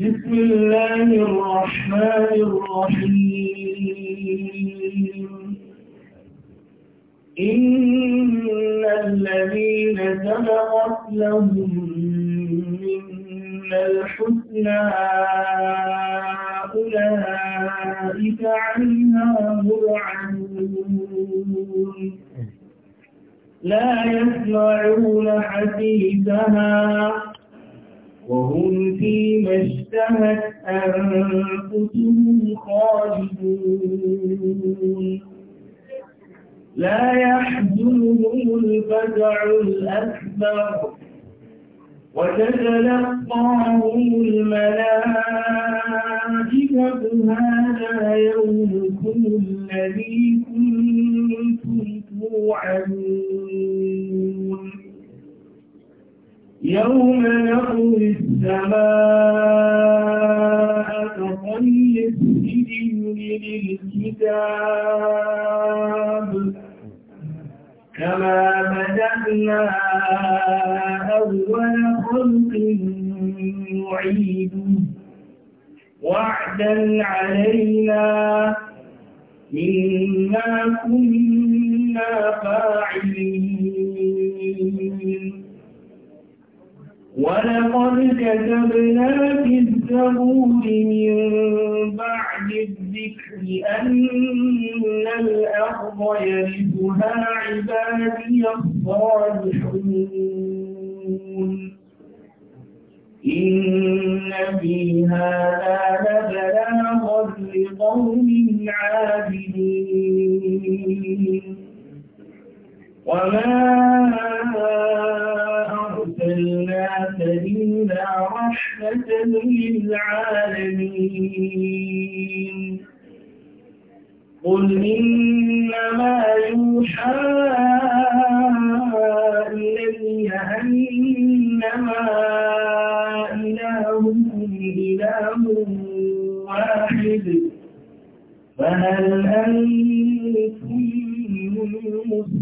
بسم الله الرحمن الرحيم إن الذين سبقت لهم من الحسنى أولئك عنها مرعبون لا يسمعون حديثها وهم فيما اشتهت أنفسهم خالدون لا يحزنهم الفزع الأكبر وتتلقاهم الملائكة هذا يومكم الذي كنتم موعدون يوم نطوي السماء كطي السجن للكتاب كما بدأنا أول خلق نعيده وعدا علينا إنا كنا فاعلين ولقد كتبنا في الزبور من بعد الذكر أن الأرض يرثها عبادي الصالحون إن في هذا لبلاغا لقوم عابدين وما أرسلناك إلا رحمة للعالمين قل إنما يوحى إلي أنما إلهكم إله واحد فهل أنتم مسلمون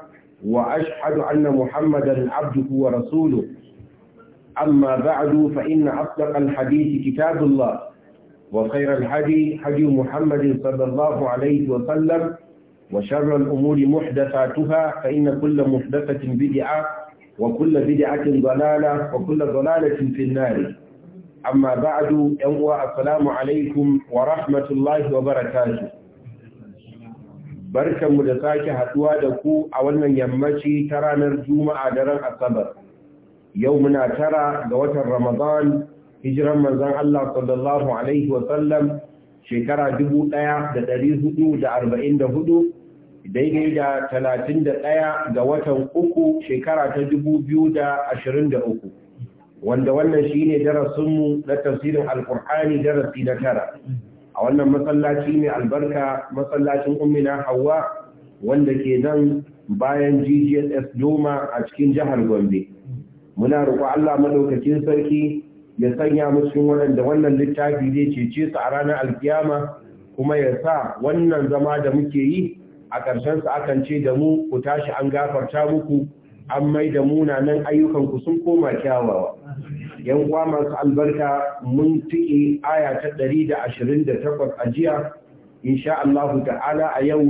وأشهد أن محمدا عبده ورسوله أما بعد فإن أصدق الحديث كتاب الله وخير الحدي حدي محمد صلى الله عليه وسلم وشر الأمور محدثاتها فإن كل محدثة بدعة وكل بدعة ضلالة وكل ضلالة في النار أما بعد السلام عليكم ورحمة الله وبركاته barkanmu da sake haduwa da ku a wannan yammaci ta ranar juma'a daren asabar yau muna tara ga watan ramadan hijiran manzon Allah sallallahu alaihi wasallam shekara 1444 daidai da 31 ga watan uku shekara ta 2023 wanda wannan shine darasinmu na tafsirin alkur'ani darasi na tara a wannan masallaci ne albarka masallacin ummina hawa wanda ke nan bayan GGSS Doma a cikin jihar Gombe. Muna roƙo Allah madaukakin sarki ya sanya mu cikin waɗanda wannan littafi zai cece su a ranar alkiyama kuma ya sa wannan zama da muke yi a ƙarshen su akan ce da mu ku tashi an gafarta muku an mai da munanan ayyukan ku sun koma kyawawa. yan uwa masu albarka mun tuki aya ta 128 a jiya insha Allah ta'ala a yau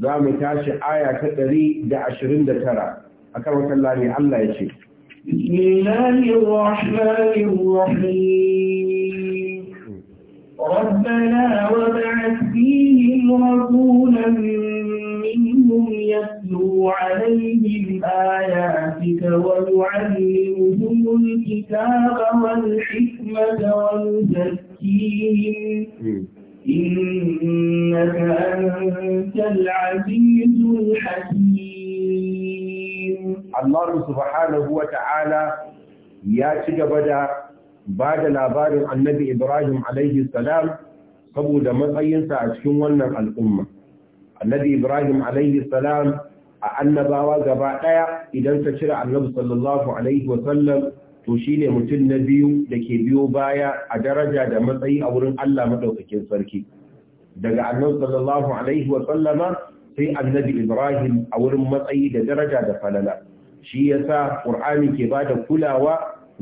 za mu tashi aya ta 129 akan wakalla ne Allah ya ce بسم الله الرحمن الرحيم ربنا وبعث فيهم رسولا يتلو عليهم آياتك ويعلمهم الكتاب والحكمة ويزكيهم إنك أنت العزيز الحكيم الله سبحانه وتعالى يا تجبدا بعد labarin annabi Ibrahim alaihi salam saboda matsayinsa a cikin wannan al'umma. Annabi Ibrahim alayhi salam a annabawa gaba ɗaya idan ka cire annabi sallallahu alaihi wasallam to shine mutum na biyu da ke biyo baya a daraja da matsayi a wurin Allah Maɗaukakin sarki daga annabi sallallahu alaihi wasallama sai annabi Ibrahim a wurin matsayi da daraja da falala shi yasa Qur'ani ke bada kulawa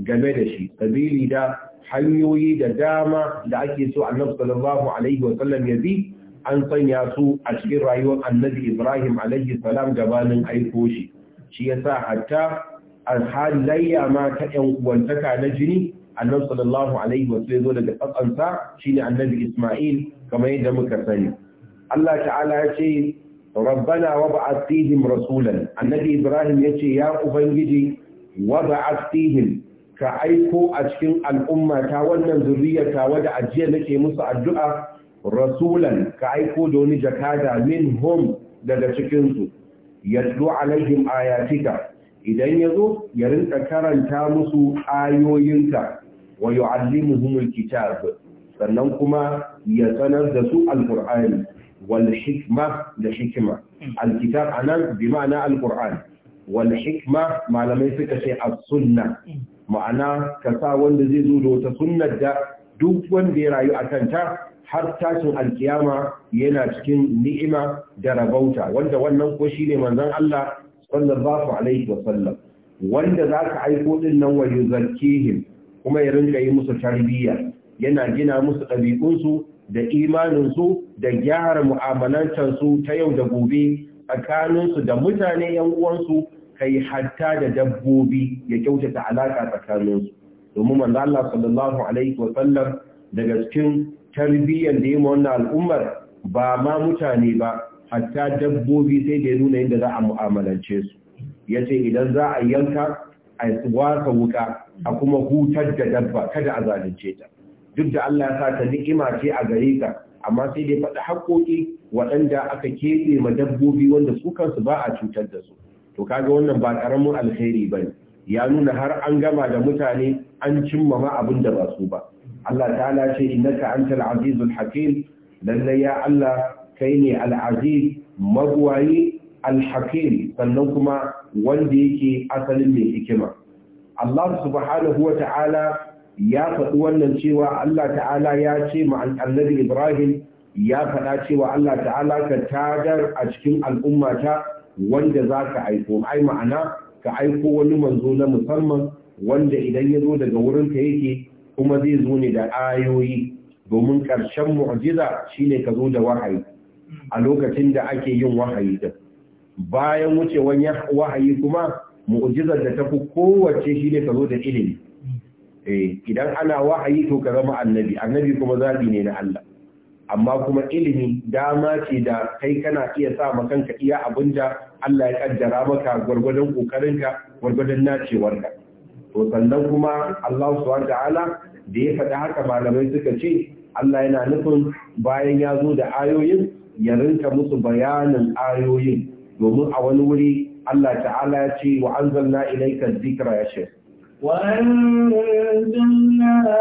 game da shi sabili da hanyoyi da dama da ake so annabi sallallahu alaihi wasallam ya bi an sanya su a cikin rayuwar annabi Ibrahim alaihi salam gabanin aiko shi shi yasa hatta alhalayya ma ta yan uwantaka na jini annabi sallallahu alaihi wasallam zo daga tsatsansa shine annabi Isma'il kamar yadda muka sani Allah ta'ala ya ce rabbana wab'ath fihim rasulan annabi Ibrahim yace ya ubangiji wab'ath fihim ka aiko a cikin al'umma ta wannan zuriyar ta wada ajiya nake musu addu'a rasulan ka aiko da wani jakada hom daga cikinsu yaddu alaihim ayatika idan ya zo ya rinka karanta musu ayoyinka wa yu'allimuhum alkitab sannan kuma ya sanar da su alqur'ani wal hikma da hikma alkitab anan bi ma'ana alkur'ani wal hikma malamai suka ce as-sunna ma'ana ka sa wanda zai zo da wata sunnar da duk wanda ya rayu a kanta har tashin alkiyama yana cikin ni'ima da rabauta wanda wannan ko shine manzon Allah sallallahu alaihi wasallam wanda zaka aiko din nan wa yuzakkihim kuma ya rinka yi musu tarbiyya yana gina musu ɗabi'unsu da imaninsu da gyara mu'amalantarsu ta yau da gobe tsakaninsu da mutane yan uwansu kai hatta da dabbobi ya kyautata alaka tsakaninsu domin manzo Allah sallallahu alaihi sallam daga cikin tarbiyyar da yi ma wannan al'ummar ba ma mutane ba hatta dabbobi sai da ya nuna yadda za a mu'amalance su ya ce idan za a yanka a tsawarka wuka a kuma hutar da dabba kada a zalunce ta duk da Allah ya sa ta ni'ima ce a gare ka amma sai dai faɗi haƙoƙi waɗanda aka keɓe ma dabbobi wanda su kansu ba a cutar da su to kaga wannan ba ƙaramin alheri ba ne, ya nuna har an gama da mutane an cimma ma abin da ba su ba Allah ta'ala ce innaka antal azizul hakim lalle ya Allah kai ne al-aziz magwayi al-hakim sannan kuma wanda yake asalin mai hikima Allah subhanahu wa ta'ala ya faɗi wannan cewa Allah ta'ala ya ce ma annabi Ibrahim ya faɗa cewa Allah ta'ala ka tagar a cikin al'ummata wanda za ka aiko ai ma'ana ka aiko wani manzo na musamman wanda idan ya zo daga wurinka yake kuma zai zo ne da ayoyi domin ƙarshen mu'jiza shine ka zo da wahayi a lokacin da ake yin wahayi din bayan wani wahayi kuma mu'jizar da ta fi kowace shine ka zo da ilimi eh idan ana wahayi to ka zama annabi annabi kuma zabi ne na Allah amma kuma ilimi dama ce da kai kana iya sa ma kanka iya abinda Allah ya kaddara maka gwargwadon kokarinka gwargwadon nacewarka to sannan kuma Allah subhanahu ta'ala da ya faɗi haka malamai suka ce Allah yana nufin bayan ya zo da ayoyin ya rinka musu bayanin ayoyin domin a wani wuri Allah ta'ala ya ce wa'anzar na ilaikar zikira ya وأنزلنا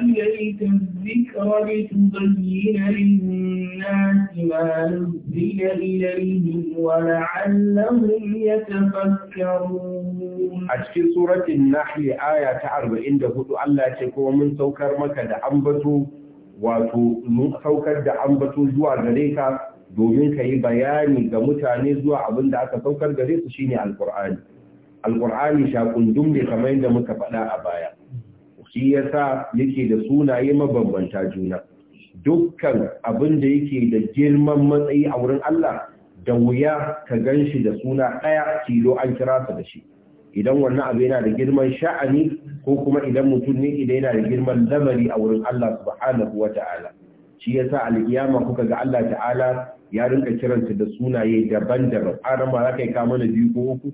إليك الذكر لتبين للناس ما نزل إليهم ولعلهم يتفكرون أشكي سورة النحل آية 44 الله تكون من سوكر مكة دعنبته wato saukar da ambato zuwa gare ka domin ka yi bayani ga mutane zuwa abin da aka saukar gare su shine alkur'ani alqur'ani shakundum ne kamar yadda muka faɗa a baya shi yasa yake da sunaye mabambanta juna dukkan abin da yake da girman matsayi a wurin Allah da wuya ka gan shi da suna ɗaya kilo an kira sa da shi idan wannan abu yana da girman sha'ani ko kuma idan mutum ne idan yana da girman lamari a wurin Allah subhanahu wa ta'ala shi yasa alkiyama kuka ga Allah ta'ala ya rinka kiranta da sunaye daban-daban arama za ka yi kama na biyu ko uku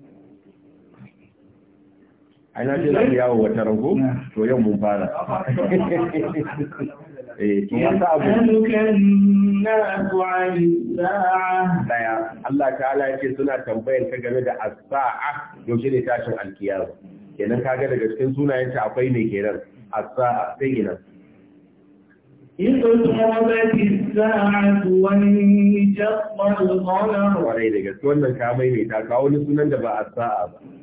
aina ce za mu yawo wata rago? to yau mun fara eh to wata abu daya Allah ta'ala yake suna tambayar ka game da as-sa'a yaushe ne tashin alkiyar. kenan kaga daga cikin sunayen ta akwai ne kenan as-sa'a sai kenan اقتربت الساعة وانشق القمر وليلك wannan ka maimaita ka wani sunan da ba Asa'a sa'a ba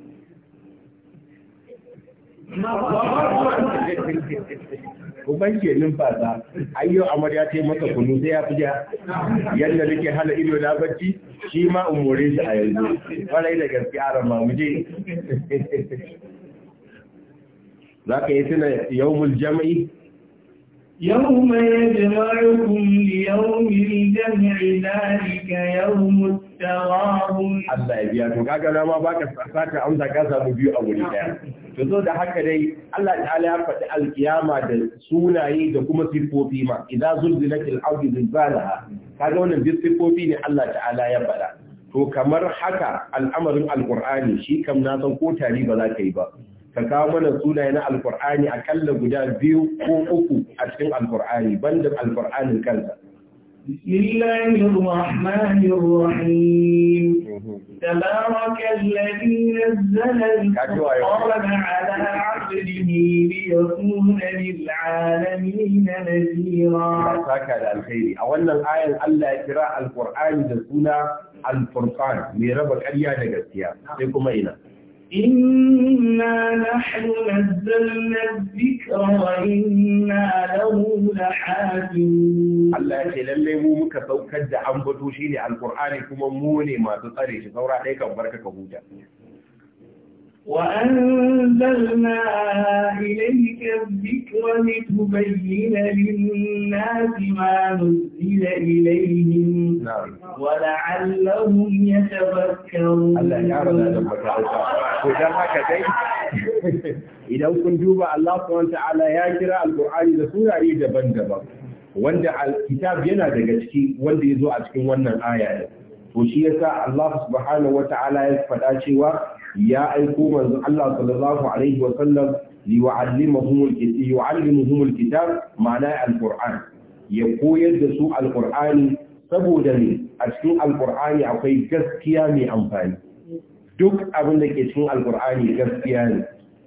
Uban ke numfasa, yau amarya ta ce masa kunu sai ya fi ja, yadda nake hana ido na bacci, shi ma umore shi a yanzu, ƙwarai da gaske a rama muje. Za ka yi tuna yawmul jama'i يوم يجمعكم ليوم rika ذلك يوم Allah ya biya to kaga na ma baka saka amsa ka samu biyu a wuri daya to zo da haka dai Allah ta'ala ya faɗi alkiyama da sunaye da kuma sifofi ma idza zulzilatil ardi zilzalaha kaga wannan duk sifofi ne Allah ta'ala ya faɗa to kamar haka al'amarin alqur'ani shi kam na san ko tari ba za ka yi ba ka kawo mana sunaye na alqur'ani akalla guda biyu ko uku a cikin alqur'ani banda alqur'anin kansa بسم الله الرحمن الرحيم تبارك الذي نزل القرآن على عبده ليكون للعالمين نذيرا مساك على الخير أولا الآية ألا إقراء القرآن دسونا الفرقان من رب الأرياء نجسيا لكم أين إنا نحن نزلنا الذكر وإنا له لحافظون الله يقول للي مو مكا توكد عن بطوشي لعن القرآن كما موني ما تطريش ثورة عليك وبركة كهوجة وأنزلنا إليك الذكر لتبين للناس ما نزل إليهم ولعلهم يتفكرون الله يعرض هذا idan kun duba Allah subhanahu ya kira alqur'ani da surare daban-daban wanda kitab yana daga ciki wanda zo a cikin wannan aya to shi yasa Allah subhanahu wata'ala ya faɗa cewa ya aiko manzo Allah sallallahu alaihi wa sallam liyu'allimahum yu'allimuhum alkitab ma'ana alquran ya koyar da su alqur'ani saboda ne a cikin alqur'ani akwai gaskiya mai amfani duk abin da ke cikin alqur'ani gaskiya ne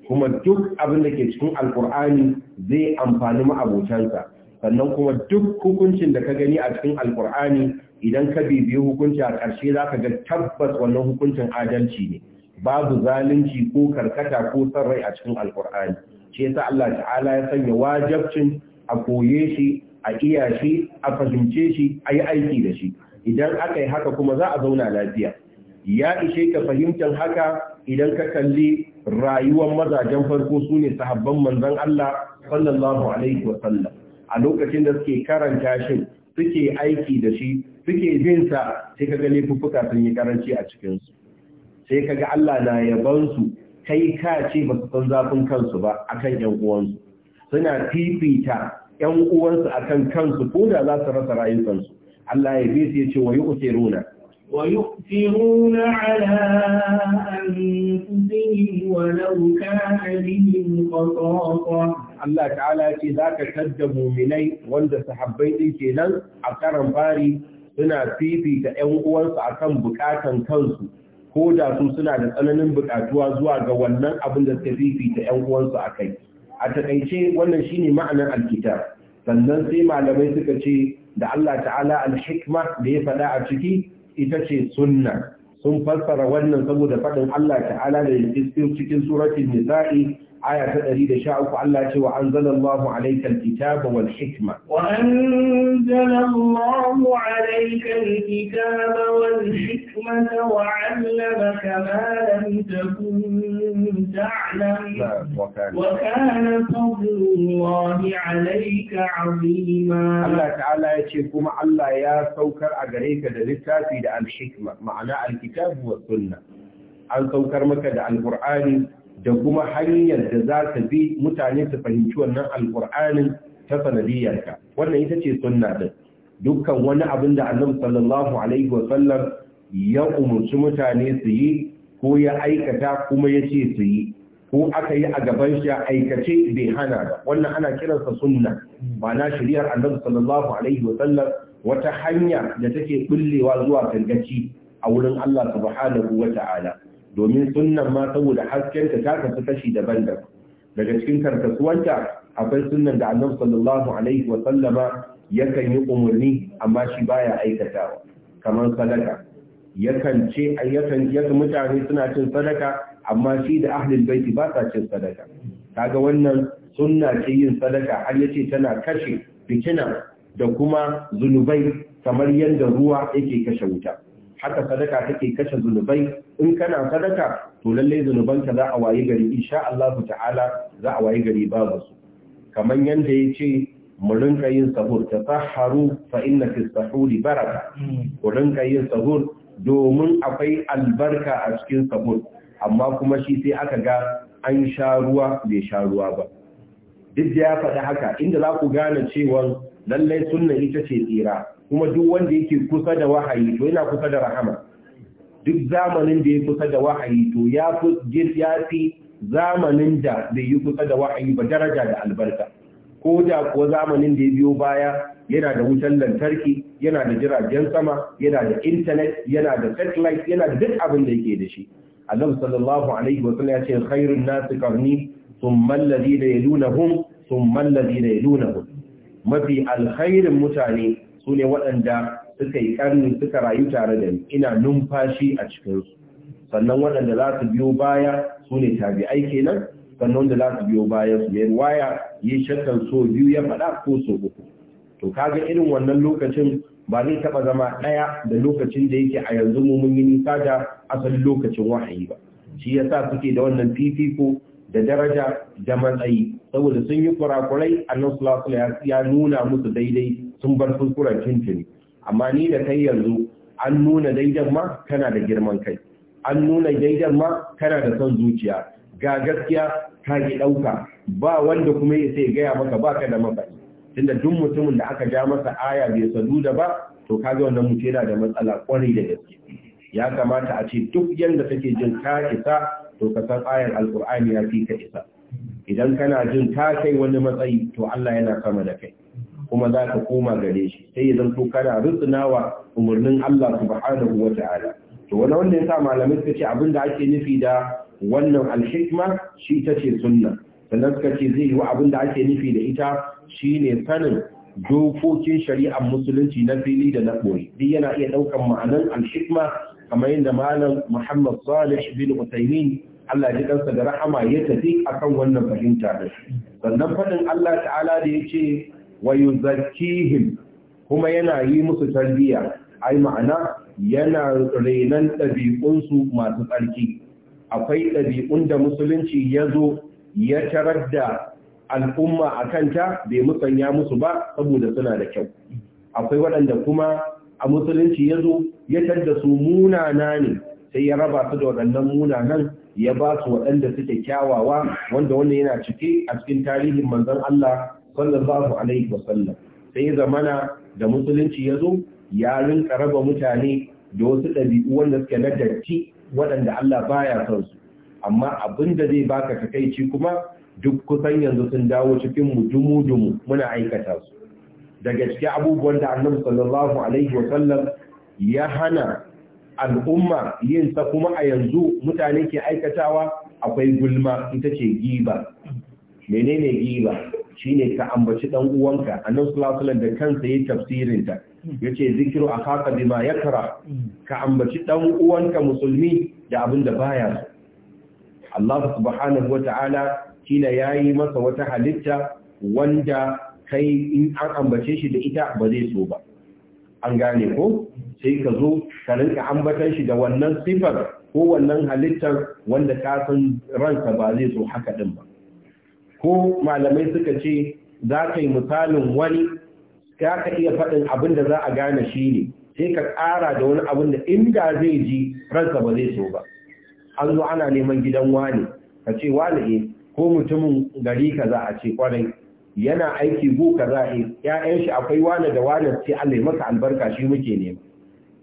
kuma duk abin da ke cikin alqur'ani zai amfani ma'abotansa sannan kuma duk hukuncin da ka gani a cikin alkur'ani idan ka bibiyi hukunci a ƙarshe za ka ga tabbas wannan hukuncin adalci ne babu zalunci ko karkata ko sarrai rai a cikin alkur'ani shi sa Allah ta'ala ya sanya wajabcin a koye shi a iya shi a fahimce shi a yi aiki da shi idan aka yi haka kuma za a zauna lafiya ya ishe ka fahimtar haka idan ka kalli rayuwar mazajen farko su ne sahabban manzon Allah sallallahu alaihi wa sallam a lokacin da suke karanta shi suke aiki da shi suke bin sa sai kaga laifuffuka sun yi karanci a cikin su sai kaga Allah na yaban su kai ka ce ba su san zafin kansu ba akan ƴan uwansu suna fifita ƴan uwansu akan kansu ko da za su rasa rayukansu Allah ya bi su ya ce wa yuqsiruna ويؤثرون على أنفسهم ولو كان بهم خصاصة Allah ta'ala ce za ka tadda muminai wanda sahabbai ɗin kenan a karan fari suna fifita ‘yan uwansu a kan bukatan kansu ko da su suna da tsananin bukatuwa zuwa ga wannan abin da suka fifita ‘yan uwansu a kai. A taƙaice wannan shine ma'anar alkitab sannan sai malamai suka ce da Allah ta'ala alhikma da ya faɗa a ciki ita ce sunna sun fassara wannan saboda faɗin Allah ta'ala da yake cikin suratul nisa'i aya ta 113 Allah ce wa anzalallahu alayka alkitaba wal hikma wa anzalallahu alayka alkitaba wal hikmata wa 'allamaka ma lam takun ta'lam wa kana fadlullahi alayka 'azima Allah ta'ala ya ce kuma Allah ya saukar a gare ka da littafi da al-hikma ma'ana alkitabu was sunna an saukar maka da alqur'ani da kuma hanyar da za ka bi mutane su fahimci wannan alƙur'anin ta sanadiyarka wannan ita ce sunna din dukkan wani abin da annabi sallallahu alaihi wa sallam ya umarci mutane su yi ko ya aikata kuma ya ce su yi ko aka yi a gaban shi aikace bai hana ba wannan ana kiransa sunna ma'ana shari'ar annabi sallallahu alaihi wa sallam wata hanya da take bullewa zuwa tangaci a wurin Allah subhanahu wa ta'ala domin sunnan ma saboda hasken ta ta kasu kashi daban-daban daga cikin karkasuwanta akwai sunnan da annabi sallallahu alaihi wa sallama yakan yi umarni amma shi baya aikatawa kamar sadaka yakan ce yakan yakan mutane suna cin sadaka amma shi da ahlul baiti ba sa cin sadaka kaga wannan sunna ce yin sadaka har yace tana kashe fitina da kuma zunubai kamar yadda ruwa yake kashe wuta haka sadaka take kashe zunubai in kana sadaka to lalle zunubanka za a wayi gari insha Allah ta'ala za a wayi gari babu su kamar yanda yace mu rinka yin sahur saharu fa inna fi sahuri baraka ku rinka yin sahur domin akwai albarka a cikin sahur amma kuma shi sai aka ga an sha ruwa bai sha ruwa ba duk ya faɗi haka inda za ku gane cewa lallai sunna ita ce tsira kuma duk wanda yake kusa da wahayi to yana kusa da rahama duk zamanin da ya kusa da wahayi to ya fi zamanin da bai yi kusa da wahayi ba daraja da albarka ko da kuwa zamanin da ya biyo baya yana da wutan lantarki yana da jiragen sama yana da intanet yana da satellite yana da duk abin da yake da shi annabi sallallahu alaihi wa sallam ya ce khairun nas qarni thumma alladhina yalunhum sun mallabi da yalunahu mafi alkhairin mutane su ne waɗanda suka yi ƙarni suka rayu tare da ni ina numfashi a cikinsu sannan waɗanda za su biyo baya su ne tabi'ai kenan sannan da za su biyo baya su yi waya yi shakkan so biyu ya faɗa ko so uku to kaga irin wannan lokacin ba zai taɓa zama ɗaya da lokacin da yake a yanzu mu mun yi nisa da asalin lokacin wahayi ba shi yasa suke da wannan fifiko da daraja da matsayi saboda sun yi kurakurai a sulasul ya nuna musu daidai sun bar kuskuren cincin amma ni da kai yanzu an nuna daidan ma kana da girman kai an nuna daidan ma kana da son zuciya ga gaskiya ka ki ɗauka ba wanda kuma ya sai gaya maka ba ka da mafaɗi tunda duk mutumin da aka ja masa aya bai sadu da ba to ka ga wannan mutum yana da matsala kwarai da gaske ya kamata a ce duk yanda take jin ka isa to ka san ayar alqur'ani ya fi ka isa idan kana jin ka kai wani matsayi to Allah yana sama da kai kuma za ka koma gare shi sai ya zanto kana rutsinawa umarnin Allah subhanahu wa ta'ala to wani wanda ya sa malamai suka ce abinda ake nufi da wannan alhikma shi ta ce sunna sannan suka ce zai yi wa abinda ake nufi da ita shi ne sanin dokokin shari'ar musulunci na fili da na ɓoye duk yana iya ɗaukan ma'anan alhikma kamar yadda malam Muhammad Salih bin Utaimin Allah ya kansa da rahama ya tafi akan wannan fahimta da sannan fadin Allah ta'ala da yace wa yuzakkihim kuma yana yi musu tarbiyya ai ma'ana yana renan ɗabi'unsu masu tsarki akwai ɗabi'un da musulunci ya zo ya tarar da al'umma a kanta bai musanya musu ba saboda suna da kyau akwai waɗanda kuma a musulunci ya zo ya tadda su munana ne sai ya raba su da waɗannan munanan ya ba su waɗanda suke kyawawa wanda wannan yana cike a cikin tarihin manzon Allah sallallahu alaihi wasallam sai ya zamana da musulunci ya zo ya rinka raba mutane da wasu ɗabi'u wanda suke na datti waɗanda Allah baya son su amma abin da zai baka takaici kuma duk kusan yanzu sun dawo cikin mu dumu-dumu muna aikata su daga cikin abubuwan da annabi sallallahu alaihi wa sallam ya hana al'umma yin ta kuma a yanzu mutane ke aikatawa akwai gulma ita ce giba menene giba shine ka ambaci dan uwanka annabi sallallahu alaihi da kansa yayin tafsirin ta yace zikru akaka bima yakra ka ambaci dan uwanka musulmi da abin da baya Allah subhanahu ta'ala kila yayi masa wata halitta wanda kai in an ambace shi da ita ba zai so ba an gane ko sai ka zo ka rinka ambatar shi da wannan sifar ko wannan halittar wanda ka san ranka ba zai so haka din ba ko malamai suka ce za ka yi misalin wani za ka iya faɗin abin da za a gane shi ne sai ka ƙara da wani abin da inda zai ji ransa ba zai so ba an zo ana neman gidan wani ka ce wani eh, ko mutumin gari ka za a ce kwarai yana aiki gu rai Ya'yan shi akwai wani da wani sai Allah ya maka albarka shi muke nema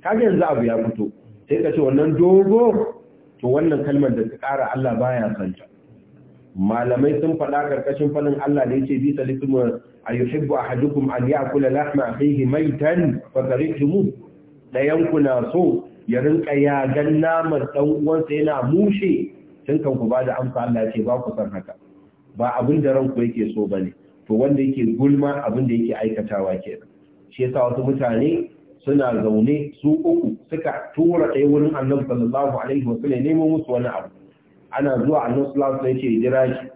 kaga yanzu abu ya fito sai ka ce wannan dogo to wannan kalmar da ta ƙara Allah baya santa malamai sun faɗa karkashin fadin Allah da yace bi salikum ayuhibbu ahadukum an ya'kula lahma akhihi maitan fa karihtumu da yanku na so ya rinka ya gan naman dan uwansa yana mushe tun kan ku ba da amsa Allah ya ce ba ku san haka ba abin da ranku yake so ba ne. to wanda yake gulma abin da yake aikatawa kenan shi yasa wasu mutane suna zaune su uku suka tura ɗaya wurin annabi sallallahu alaihi wasallam nemo musu wani abu ana zuwa annabi sallallahu alaihi wasallam jira shi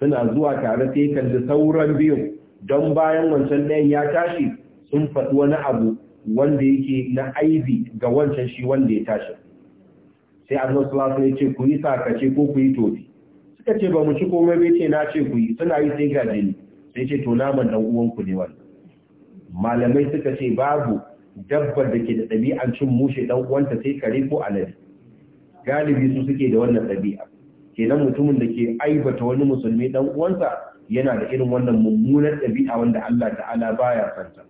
suna zuwa tare sai kalli sauran biyu don bayan wancan ɗayan ya tashi sun faɗi wani abu wanda yake na aibi ga wancan shi wanda ya tashi sai annabi sallallahu alaihi wasallam ya ku yi sakace ko ku yi tofi suka ce ba mu ci komai bai ce na ce ku yi suna yi sai ga jini sai ce to naman dan uwanku ne wannan malamai suka ce babu dabbar da ke da ɗabi'an cin mushe dan uwanta sai kare ko alade galibi su suke da wannan ɗabi'a kenan mutumin da ke aibata wani musulmi dan uwansa yana da irin wannan mummunar ɗabi'a wanda Allah ta'ala baya santa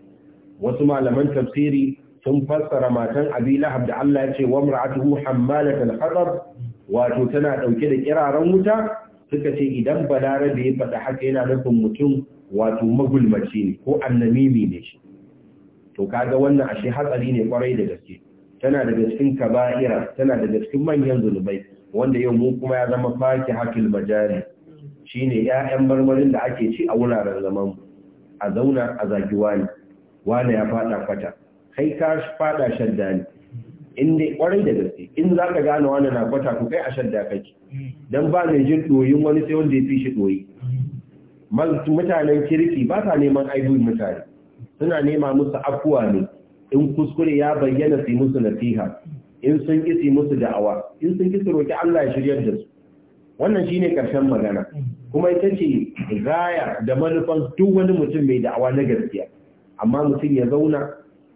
wasu malaman tafsiri sun fassara matan Abi Lahab da Allah ya ce wa mar'atuhu hammalatul wato tana dauke da kiraran wuta suka ce idan balarabe ya faɗa haka yana nufin mutum wato magulmaci ne ko annamimi ne shi to kaga wannan ashe hatsari ne kwarai da gaske tana daga cikin kaba'ira tana daga cikin manyan zunubai wanda yau mu kuma ya zama faki hakil majari shine ƴaƴan marmarin da ake ci a wuraren zaman a zauna a zagi wani wani ya fada kwata kai ka fada shadda ne in dai kwarai da gaske in za ka gane wani na kwata ku kai a shadda kake dan ba mai jin doyin wani sai wanda ya fi shi doyi mutanen kirki ba sa neman aibun mutane suna nema musu afuwa ne in kuskure ya bayyana su musu nasiha in sun kisi musu da'awa in sun kisi roƙi Allah ya shiryar da su wannan shine ƙarshen magana kuma ita ce gaya da manufan duk wani mutum mai da'awa na gaskiya amma mutum ya zauna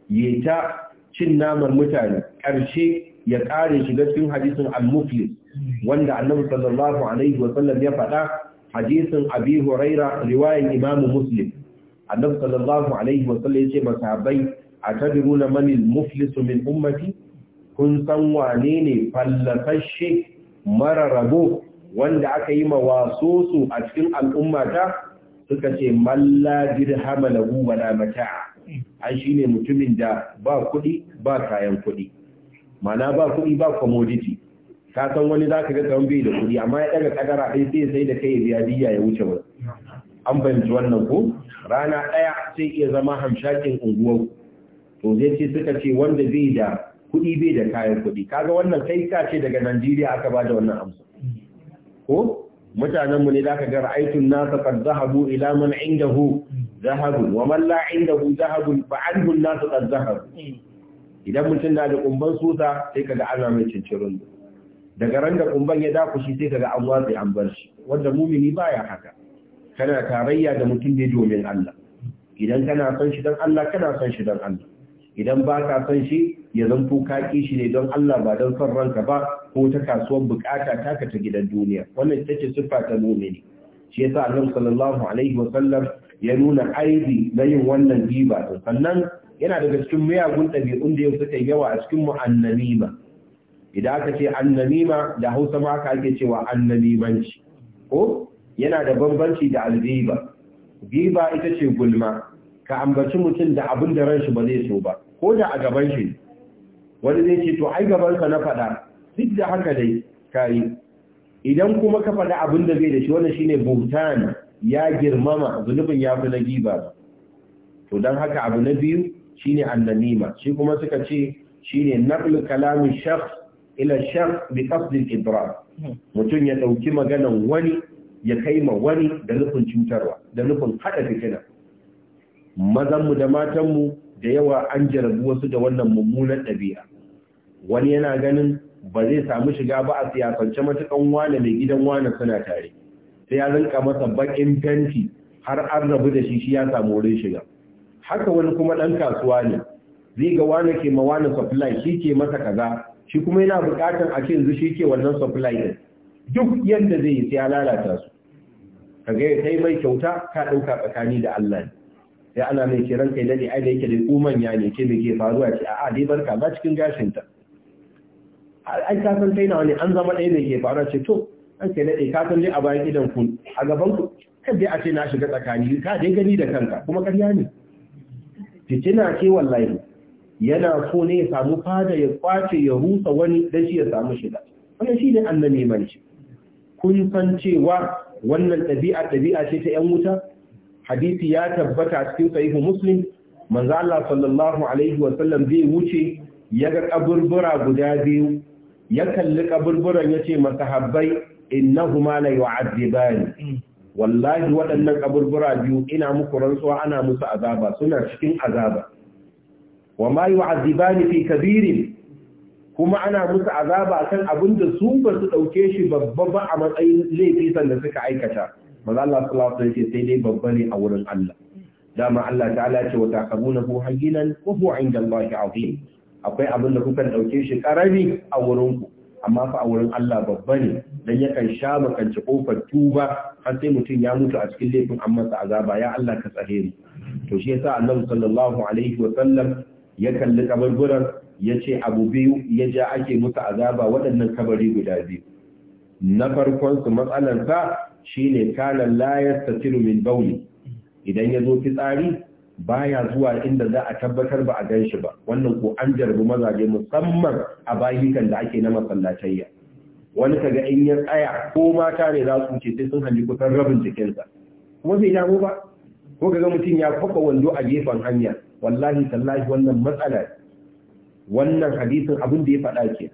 ya ta cin namar mutane ƙarshe ya ƙare shiga cikin hadisin al-muflis wanda annabi sallallahu alaihi wa sallam ya faɗa hadisin abi huraira riwayan imamu muslim annabi sallallahu alaihi wa sallam yace masahabai atadiruna man al-muflisu min ummati kun san wane ne fallasashe mara rabo wanda aka yi mawasosu a cikin al'ummata suka ce malla dirhama wala mata'a an shine mutumin da ba kuɗi ba kayan kuɗi mana ba kuɗi ba commodity ka san wani za ka ga kan bai da kuɗi amma ya ɗaga kadara ɗaya sai sai da kai ya biya ya wuce ba. an fahimci wannan ko rana ɗaya sai iya zama hamshakin unguwar to zai ce suka ce wanda bai da kuɗi bai da kayan kuɗi kaga wannan kai ka ce daga Najeriya aka ba da wannan amsa ko mutanen mu ne za ka ga ra'aytun nasa qad zahabu ila man indahu zahabu wa man la indahu zahabu fa anhu nasu zahabu idan mutum na da kumban susa sai kaga ana mai cincirin daga ran da kumban ya shi sai kaga an watsi an bar shi wanda mumini baya haka kana tarayya da mutum ne domin Allah idan kana son shi don Allah kana son shi don Allah idan ba ka son shi ya zanto ka ki shi ne don Allah ba don son ranka ba ko ta kasuwar bukata taka ta gidan duniya wannan ita ce siffa ta mumini shi yasa Annabi sallallahu alaihi wa sallam ya nuna aibi na yin wannan giba sannan yana daga cikin miyagun ɗabi'un da ya yi yawa a cikin mu'annamima idan aka ce annamima da hausa ma aka ake cewa annamimanci ko yana da bambanci da alghiba ghiba ita ce gulma ka ambaci mutum da abin da ranshi ba zai so ba ko da a gaban shi wani zai ce to ai gaban ka na faɗa duk da haka dai kai idan kuma ka faɗa abin da bai da shi wannan shine buhtan ya girmama zunubin ya fi na giba to don haka abu na biyu shine annamima shi kuma suka ce shine naqlu kalamin shakhs ila shar bi qasdil idrar mutum ya dauki maganan wani ya kai ma wani da nufin cutarwa da nufin hada fitina mazan mu da matan mu da yawa an jarabu wasu da wannan mummunan ɗabi'a wani yana ganin ba zai samu shiga ba a siyasance matukan wane mai gidan wane suna tare sai ya rinka masa bakin fenti har an rabu da shi shi ya samu wurin shiga haka wani kuma ɗan kasuwa ne zai ga wane ke ma wane supply shi ke masa kaza shi kuma yana buƙatar a ce yanzu shi ke wannan supply din duk yadda zai yi ya lalata su kaga ya kai mai kyauta ka ɗauka tsakani da Allah ne sai ana mai kiran kai dade ai da yake da kuman ya ne Ke me ke faruwa ce a'a dai barka ba cikin gashinta ai ka san kai nawa ne an zama ɗaya me ke faruwa ce to an kai dade ka san dai a bayan idan ku a gaban ku kan dai a ce na shiga tsakani ka dai gani da kanka kuma ƙarya ne fitina ce wallahi yana so ne ya samu fada ya kwace ya rusa wani dan shi ya samu shiga wannan shi ne neman manci kun san cewa wannan ɗabi'a ɗabi'a ce ta 'yan wuta hadisi ya tabbata a cikin sahihu muslim manzo Allah sallallahu alaihi wa sallam zai wuce ya ga kaburbura guda biyu ya kalli kaburburan ya ce masahabbai innahuma la yu'adzibani wallahi waɗannan kaburbura biyu ina muku rantsuwa ana musu azaba suna cikin azaba wa ma yu'azzibani fi kabirin kuma ana musu azaba kan abin da su ba su dauke shi babba ba a matsayin laifi sanda suka aikata maza Allah sallallahu alaihi sai dai babba ne a wurin Allah dama Allah ala ce wa taqabunahu ko ko huwa 'inda Allah akwai abin da kuka dauke shi karami a wurin ku amma fa a wurin Allah babba ne dan yakan sha makanci kofar tuba har sai mutum ya mutu a cikin laifin an masa azaba ya Allah ka tsare ni to shi yasa Annabi sallallahu alaihi sallam. ya kalli kabarburan ya ce abu biyu ya ja ake musu azaba waɗannan kabari guda biyu na farkon su matsalarsa shine kanan layar satiru min bauli idan ya zo fitsari ya zuwa inda za a tabbatar ba a gan shi ba wannan ko an jarbi mazaje musamman a bayyukan da ake na masallacayya wani kaga in ya tsaya ko mata ne za su ce sai sun hanji kusan rabin jikinsa kuma bai damu ba ko ga mutum ya kwaba wando a gefen hanya wallahi tallahi wannan matsala wannan hadisin abin da ya faɗa ke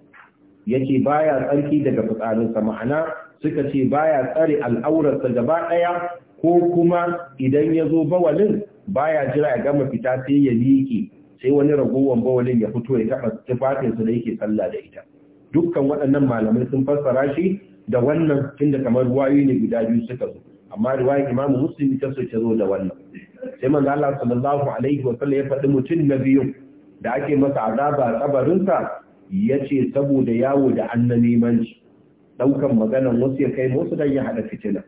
yake baya tsarki daga sa ma'ana suka ce baya tsare al'aurarsa gaba ɗaya ko kuma idan ya zo bawalin baya jira ya gama fita sai ya miƙe sai wani ragowar bawalin ya fito ya taɓa tufafinsa da yake sallah da ita dukkan waɗannan malamai sun fassara shi da wannan tunda kamar wayoyi ne guda biyu suka zo amma riwaya Imam Muslim ta so ta zo da wannan sai manzo Allah sallallahu alaihi wa sallam ya faɗi mutum na biyu da ake masa azaba kabarin Ya yace saboda yawo da nemanci. daukan maganan wasu ya kai musu dan ya hada fitina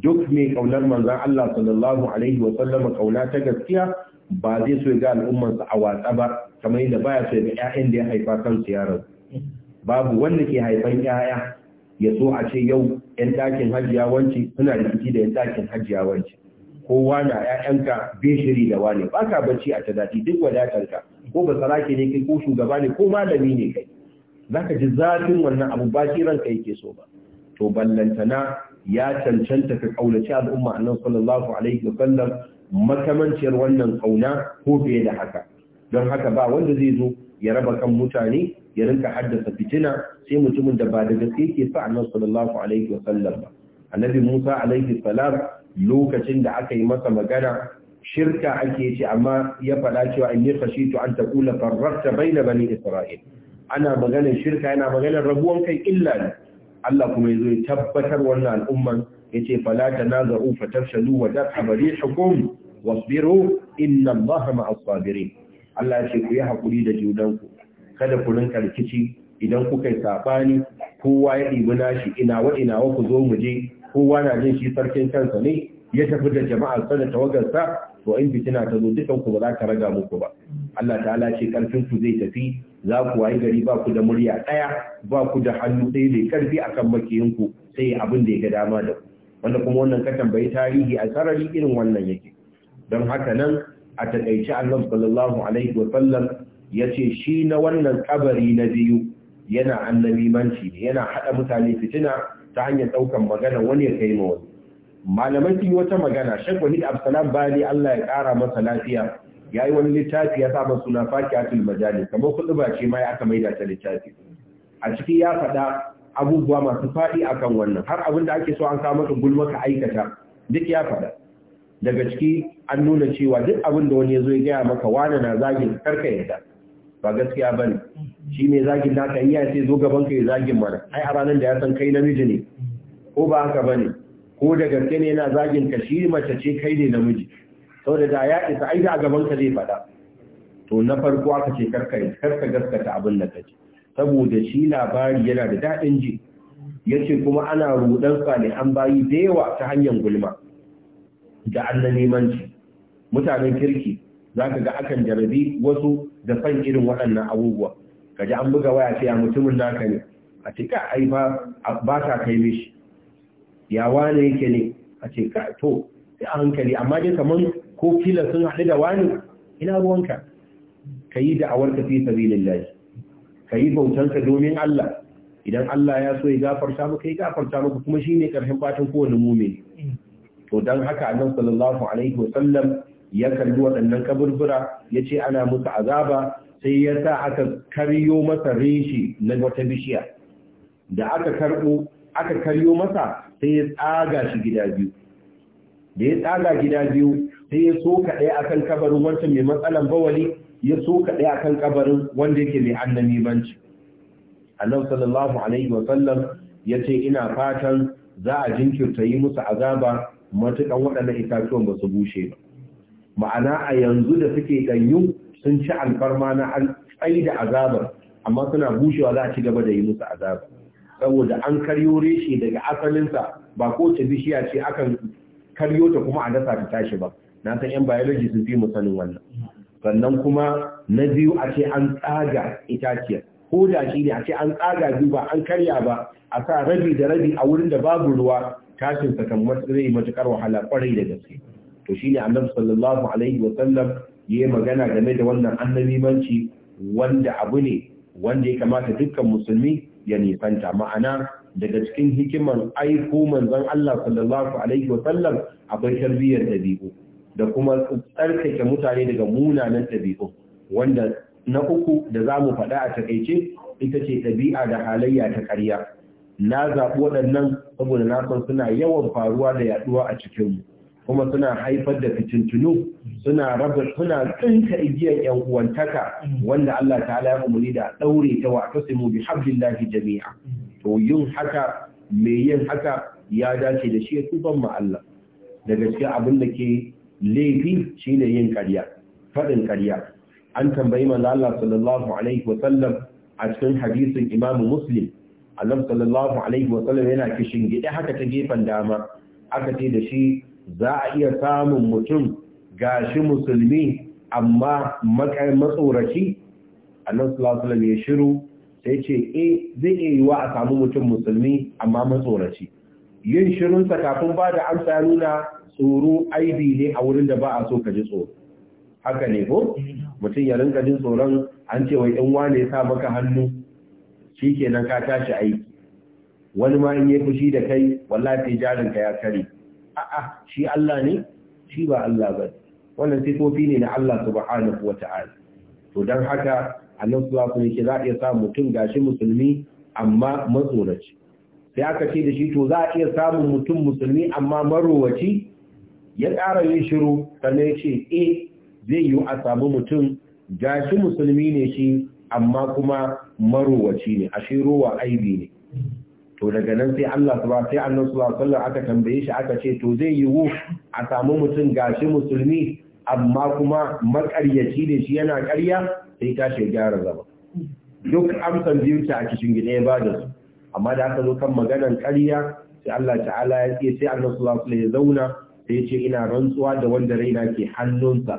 duk mai kaunar manzo Allah sallallahu alaihi wa sallam kauna ta gaskiya ba zai so ya ga sa a watsa ba kamar yadda baya so ga ƴaƴan da ya haifa kansu yaron babu wanda ke haifan ƴaƴa ya so a ce yau ‘yan ɗakin hajiya wanci suna rikici da ‘yan ɗakin hajiya wanci kowa na ‘ya'yanka bai shiri da wane ba ka bacci a tadati duk wadatarka ko ba sarake ne kai ko shugaba ne ko malami ne kai za ka ji zafin wannan abu ba ka ranka yake so ba to ballantana ya cancanta ka kaulaci al'umma annan sallallahu alaihi wa sallam makamanciyar wannan kauna ko fiye da haka don haka ba wanda zai zo ya raba kan mutane ya rinka haddasa fitina sai mutumin da ba da gaske ke sa annabi sallallahu alaihi wa sallam ba annabi Musa alaihi salam lokacin da aka yi masa magana shirka ake ce amma ya faɗa cewa in yi to an taƙula farrarta bai na bani isra'il ana maganar shirka yana maganar rabuwan kai illa ne Allah kuma yazo ya tabbatar wannan al'umman ya ce fala ta na za'u fatar wa da tabari hukum wasbiru inna Allah ma'as sabirin Allah ya ce ku yi hakuri da junanku kada ku rinka rikici idan kuka yi sabani kowa ya ɗibi nashi ina wa ina wa ku zo mu je kowa na jin shi sarkin kansa ne ya tafi da jama'ar sa da tawagarsa to in fitina ta zo dukan ku ba za ta raga muku ba Allah ta'ala ce karfin ku zai tafi za ku wayi gari ba ku da murya ɗaya ba ku da hannu ɗaya mai karfi akan makiyin ku sai abin da ya ga dama da ku wanda kuma wannan ka tambayi tarihi a sarari irin wannan yake don haka nan a taƙaice Allah sallallahu alaihi wa sallam ya ce shi na wannan kabari na biyu yana annabimanci ne yana haɗa mutane fitina ta hanyar ɗaukan magana wani ya kai wani malamai sun wata magana shagwani absalam bali allah ya ƙara masa lafiya ya yi wani littafi ya sa suna fakiyatul majalis kamar kuɗi ba ce ma ya aka maida ta littafi a ciki ya faɗa abubuwa masu faɗi akan wannan har abin da ake so an kawo maka gulma ka aikata duk ya faɗa daga ciki an nuna cewa duk abin da wani ya zo ya gaya maka wani na zagin karka yadda ba gaskiya bane shi ne zagin da aka iya sai zo gaban ka ya zagin mana ai a ranar da ya san kai namiji ne ko ba haka bane ko da gaske ne yana zagin ka shi mace ce kai ne namiji saboda da ya isa ai da a gaban ka zai faɗa to na farko aka ce karka karka gaskata abin da kace saboda shi labari yana da daɗin ji yace kuma ana rudan sale an bayi da yawa ta hanyar gulma da nemanci. mutanen kirki zaka ga akan jarabi wasu da fan irin waɗannan abubuwa kaji an buga waya ce ya mutumin naka ne a ce ka ai ba ba ta kai mishi ya wane yake ne a ce ka to sai a hankali amma dai kaman ko kila sun haɗu da wani ina ruwanka ka yi da'awar ka fi sabilillahi ka yi bautanka domin Allah idan Allah ya so ya gafarta maka ya gafarta maka kuma shine karshen fatan kowane mumini mm. to dan haka annabi sallallahu alaihi wasallam ya kalli waɗannan kaburbura ya ce ana musu azaba sai ya sa aka karyo masa reshi na wata bishiya da aka karɓo aka karyo masa sai ya tsaga shi gida biyu da ya tsaga gida biyu sai ya soka ɗaya akan kabarin wanda mai matsalan bawali ya soka ɗaya akan kabarin wanda yake mai annami banci annabi sallallahu alaihi wa sallam ce ina fatan za a jinkirta yi musu azaba matukan waɗannan itatuwan ba su bushe ba ma'ana a yanzu da suke ganyu sun ci alfarma na an da azabar amma suna bushewa za a ci gaba da yi musu azaba saboda an karyo reshe daga asalinsa ba kowace bishiya ce akan karyo ta kuma a dasa ta tashi ba na san yan biology sun fi mu wannan sannan kuma na biyu a ce an tsaga itaciyar ko da shi ne a ce an tsaga biyu ba an karya ba a sa rabi da rabi a wurin da babu ruwa tashin sa kan zai matuƙar wahala kwarai da gaske to ne annabi sallallahu alaihi wa sallam yayi magana game da wannan annabimanci wanda abu ne wanda ya kamata dukkan musulmi ya nisanta ma'ana daga cikin hikiman aiko manzon Allah sallallahu alaihi wa sallam akwai tarbiyyar dabi'u da kuma tsarkake mutane daga munanan dabi'u wanda na uku da za mu faɗa a takaice ita ce ɗabi'a da halayya ta ƙarya na zaɓi waɗannan saboda na san suna yawan faruwa da yaɗuwa a cikinmu kuma suna haifar da fitintunu suna raba suna tsinka igiyan yan uwantaka wanda Allah ta'ala ya umuri da daure ta wa tasimu bi hablillahi jami'a to yin haka me yin haka ya dace da shi ya tuban ma Allah Daga cikin abin da ke laifi shine yin ƙarya faɗin ƙarya an tambayi manzo Allah sallallahu alaihi wa sallam a cikin hadisin Imam Muslim Allah sallallahu alaihi wa sallam yana kishin gida haka ta gefen dama aka ce da shi za a iya samun mutum gashi musulmi amma matsoraci annan sulasulam ya shiru sai ce e zai iya yiwa a samu mutum musulmi amma matsoraci yin shirunsa kafin ba da amsa ya nuna tsoro aibi ne a wurin da ba a so ka ji tsoro haka ne ko mutum ya rinka jin tsoron an ce wai ɗan wane ya sa maka hannu shi kenan ka tashi aiki wani ma in yi fushi da kai wallahi jarinka ya kare a'a shi Allah ne shi ba Allah ba wannan sifofi ne na Allah subhanahu wata'ala to dan haka a sallallahu alaihi za a iya samun mutum gashi musulmi amma matsoraci sai aka ce da shi to za a iya samun mutum musulmi amma marowaci ya ƙara yin shiru sannan ya ce eh zai yi a samu mutum gashi musulmi ne shi amma kuma marowaci ne a shirowa aibi ne to daga nan sai Allah subhanahu sai Allah subhanahu sallallahu aka tambaye shi aka ce to zai yiwu a samu mutum gashi musulmi amma kuma makaryaci da shi yana karya sai ta shi gyara zaba duk amsan biyu ta a cikin gida ya bada su amma da aka zo kan maganan karya sai Allah ta'ala ya ce sai Allah subhanahu sallallahu ya zauna sai ya ce ina rantsuwa da wanda raina ke hannunsa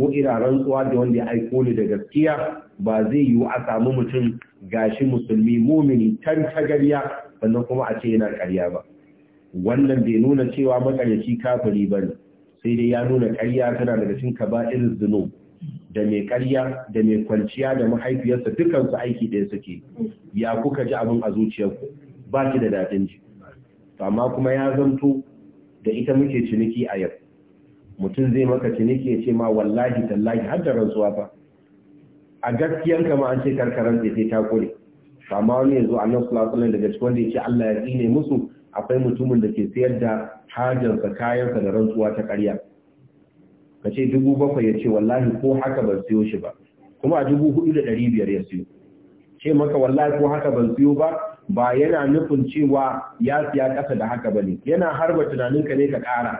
ko ina rantsuwa da wanda ya aiko ni da gaskiya ba zai yiwu a samu mutum gashi musulmi mumini ta tagariya sannan kuma a ce yana ƙarya ba wannan bai nuna cewa makaryaci kafiri ba ne sai dai ya nuna ƙarya tana daga cikin kaba'ir zunub da mai ƙarya da mai kwanciya da mahaifiyarsa dukansu aiki ɗaya suke ya kuka ji abin a zuciyarku ba ki da daɗin ji amma kuma ya zanto da ita muke ciniki a yau mutum zai maka ciniki ya ce ma wallahi tallahi har da rantsuwa fa a gaskiyanka ma an ce karkaran sai ta kure amma wani yanzu annan ne daga cikin wanda ya ce Allah ya tsine musu akwai mutumin da ke sayar da hajarsa kayansa da rantsuwa ta ƙarya ka ce dubu bakwai ya ce wallahi ko haka ban siyo shi ba kuma a dubu hudu da ɗari biyar ya siyo ce maka wallahi ko haka ban siyo ba ba yana nufin cewa ya siya ƙasa da haka bane yana harba tunaninka ne ka ƙara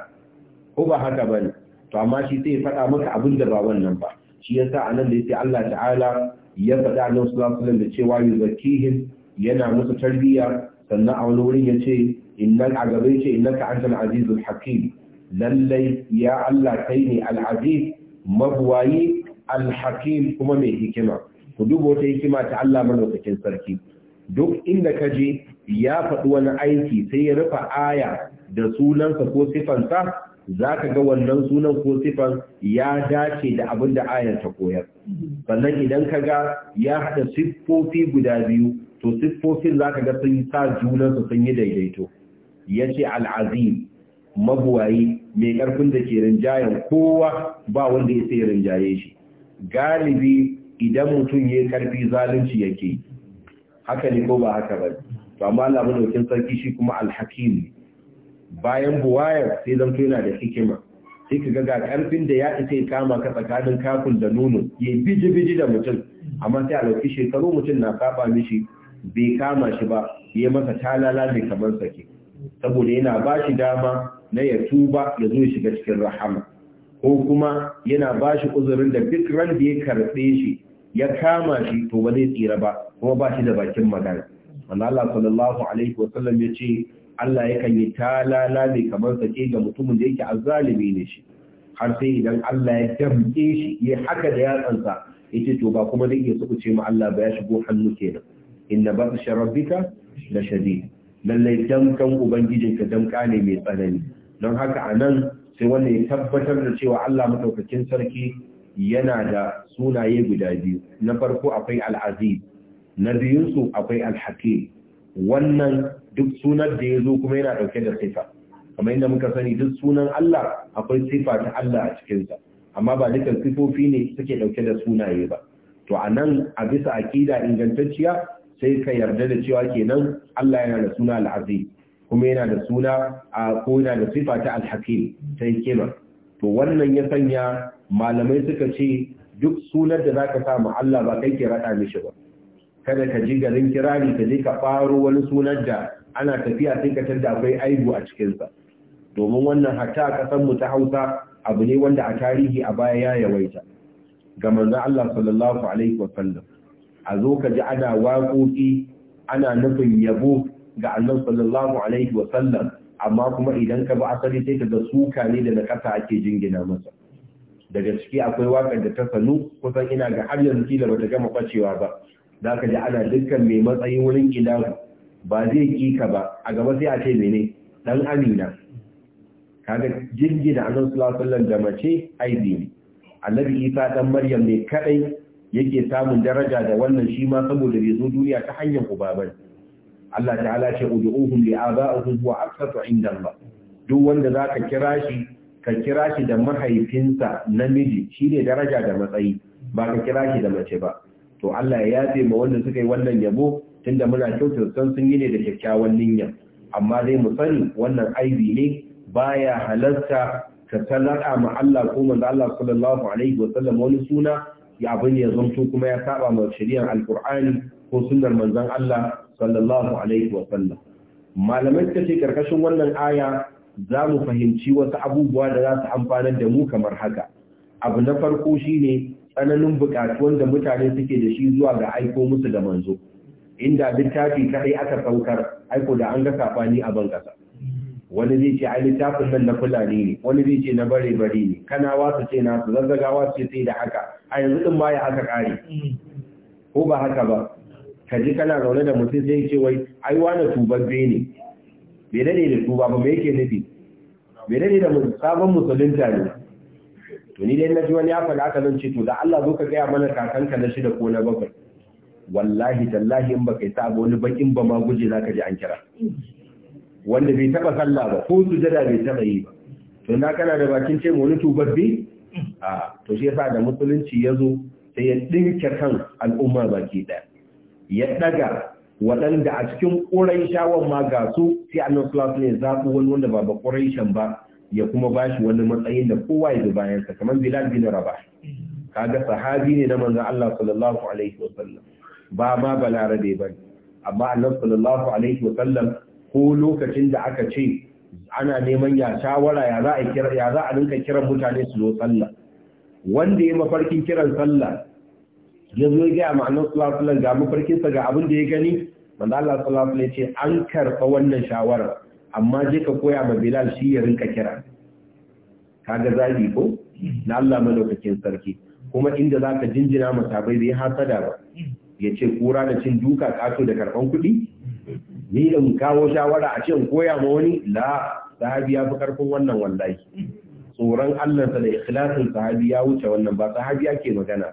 ko ba haka bane to amma shi sai ya faɗa maka abin da ba wannan ba shi yasa nan da ya ce Allah ta'ala ya faɗi annabi sallallahu alaihi da cewa zakihin yana musu tarbiyya sannan a wani wurin ya ce gaba ya ce ka antal azizul hakim lallai ya Allah kai ne al-aziz mabwayi al kuma mai hikima ku duba wata hikima ta Allah malaukakin sarki duk inda ka je ya faɗi wani aiki sai ya rufa aya da sunansa ko sifansa za ka ga wannan sunan ko sifan ya dace da abin da ayar ta koyar sannan idan ka ga ya haɗa siffofi guda biyu to siffofin za ka ga sun yi sa junan su sun yi daidaito ya ce al'azim mabuwayi mai ƙarfin da ke rinjayen kowa ba wanda ya sai rinjaye shi galibi idan mutum ya ƙarfi zalunci yake haka ne ko ba haka ba Ba amma labin madaukin sarki shi kuma alhakim bayan buwayar sai zamto yana da hikima sai ka ga karfin da ya isa ya kama ka tsakanin kafin da nono ya biji biji da mutum amma sai a lauki shekaru mutum na kafa mishi bai kama shi ba ya masa talala mai kamar sake saboda yana ba shi dama na ya tuba ya zo shiga cikin rahama ko kuma yana ba shi uzurin da duk ran da ya karɓe shi ya kama shi to ba zai tsira ba kuma ba shi da bakin magana. Allah sallallahu alaihi sallam ya ce Allah yakan yi talala mai kamar sake ga mutumin da yake azzalimi ne shi har sai idan Allah ya damke shi ya haka da yatsansa ce to ba kuma zai iya ce ma Allah ba ya shigo hannu kenan inna Basu sharabbika da Shadi. lallai damkan ubangijinka damka ne mai tsanani don haka anan sai wanda ya tabbatar da cewa Allah madaukakin sarki yana da sunaye guda biyu na farko akwai al na biyunsu akwai alhaki. wannan duk sunan da ya zo kuma yana ɗauke da sifa kamar yadda muka sani duk sunan Allah akwai sifa ta Allah a cikinsa amma ba duka sifofi ne suke ɗauke da sunaye ba to a nan a bisa aƙida ingantacciya sai ka yarda da cewa kenan Allah yana da suna al'azim kuma yana da suna a ko yana da sifa ta alhakim ta hikima to wannan ya sanya malamai suka ce duk sunar da zaka sa ma Allah ba kai ke rada mishi ba kada ka ji garin kirari ka je ka faro wani sunar da ana tafiya sai ka akwai aibu a cikinsa domin wannan hatta a mu ta hausa abu ne wanda a tarihi a baya ya yawaita ga manzon Allah sallallahu alaihi sallam a zo ka ji ana waƙoƙi ana nufin yabo ga Allah sallallahu alaihi sallam amma kuma idan ka bi asali sai ka ga suka ne da nakasa ake jingina masa daga ciki akwai waƙar da ta sanu kusan ina ga har yanzu kila bata gama kwacewa ba za ka ji ana dukkan mai matsayin wurin ilahu ba zai ki ka ba a gaba sai a ce mene Ɗan amina kaga jirgina annabi sallallahu alaihi da mace aibi ne annabi isa dan maryam ne kadai yake samun daraja da wannan shi ma saboda bai zo duniya ta hanyar ku baban. Allah ta'ala ce ud'uhum li aba'ihim wa aqsatu 'inda Allah duk wanda zaka kira shi ka kira shi da mahaifinsa namiji shine daraja da matsayi ba ka kira shi da mace ba to Allah ya yafe ma wanda suka yi wannan yabo tunda muna kyautar sun yi ne da kyakkyawan niyya amma dai mu sani wannan aibi ne baya halarta ka sanada ma Allah ko manzo Allah sallallahu alaihi wa sallam wani suna ya abin ya zanto kuma ya saba ma shari'ar alqur'ani ko sunnar manzon Allah sallallahu alaihi wa sallam malamai suka ce karkashin wannan aya za mu fahimci wasu abubuwa da za su amfanar da mu kamar haka abu na farko shine tsananin buƙatuwan da mutane suke da shi zuwa ga aiko musu da manzo inda littafi kadai aka saukar aiko da an ga safani a ban kasa wani zai ce ai littafin nan na fulani ne wani zai ce na bare bare ne kana su ce na su zazzagawa su ce sai da haka a yanzu din ma ya haka kare ko ba haka ba ka ji kana zaune da mutum sai ce wai ai wani tubabbe ne bai dade da tuba ba me yake nufi bai dade da sabon musulunta ne to ni dai na ji wani ya faɗa aka zan ce to da Allah zo ka gaya mana kakanka na shida ko na bakwai wallahi tallahi in ba kai sabo wani bakin ba ma guje zaka ji an kira wanda bai taba sallah ba ko sujada bai taba yi ba to na kana da bakin ce wani tubabbi a to shi yasa da musulunci ya zo sai ya dinke kan al'umma baki ɗaya? ya daga waɗanda a cikin ƙuraishawan ma ga su sai annabi sallallahu alaihi wasallam wani wanda ba ba ƙuraishan ba ya kuma bashi wani matsayin da kowa ya bayansa kamar bilal bin rabah kaga sahabi ne na manzon Allah sallallahu alaihi wasallam ba ma balarabe ba amma annabi sallallahu alaihi wa sallam ko lokacin da aka ce ana neman ya shawara ya za a kira ya za a rinka kiran mutane su zo sallah wanda ya mafarkin kiran sallah ya zo ga ma'anar sallallahu alaihi ga mafarkin sa ga abin da ya gani manzo Allah sallallahu alaihi ce an karfa wannan shawara amma je ka koya ma Bilal shi ya rinka kira kaga zabi ko na Allah malaukakin sarki kuma inda zaka jinjina masabai bai hasada ba ya ce kura da cin duka kato da karban kuɗi ni in kawo shawara a cikin in koya ma wani la sahabi ya fi karfin wannan wallahi tsoron Allah da ikhlasin sahabi ya wuce wannan ba sahabi yake magana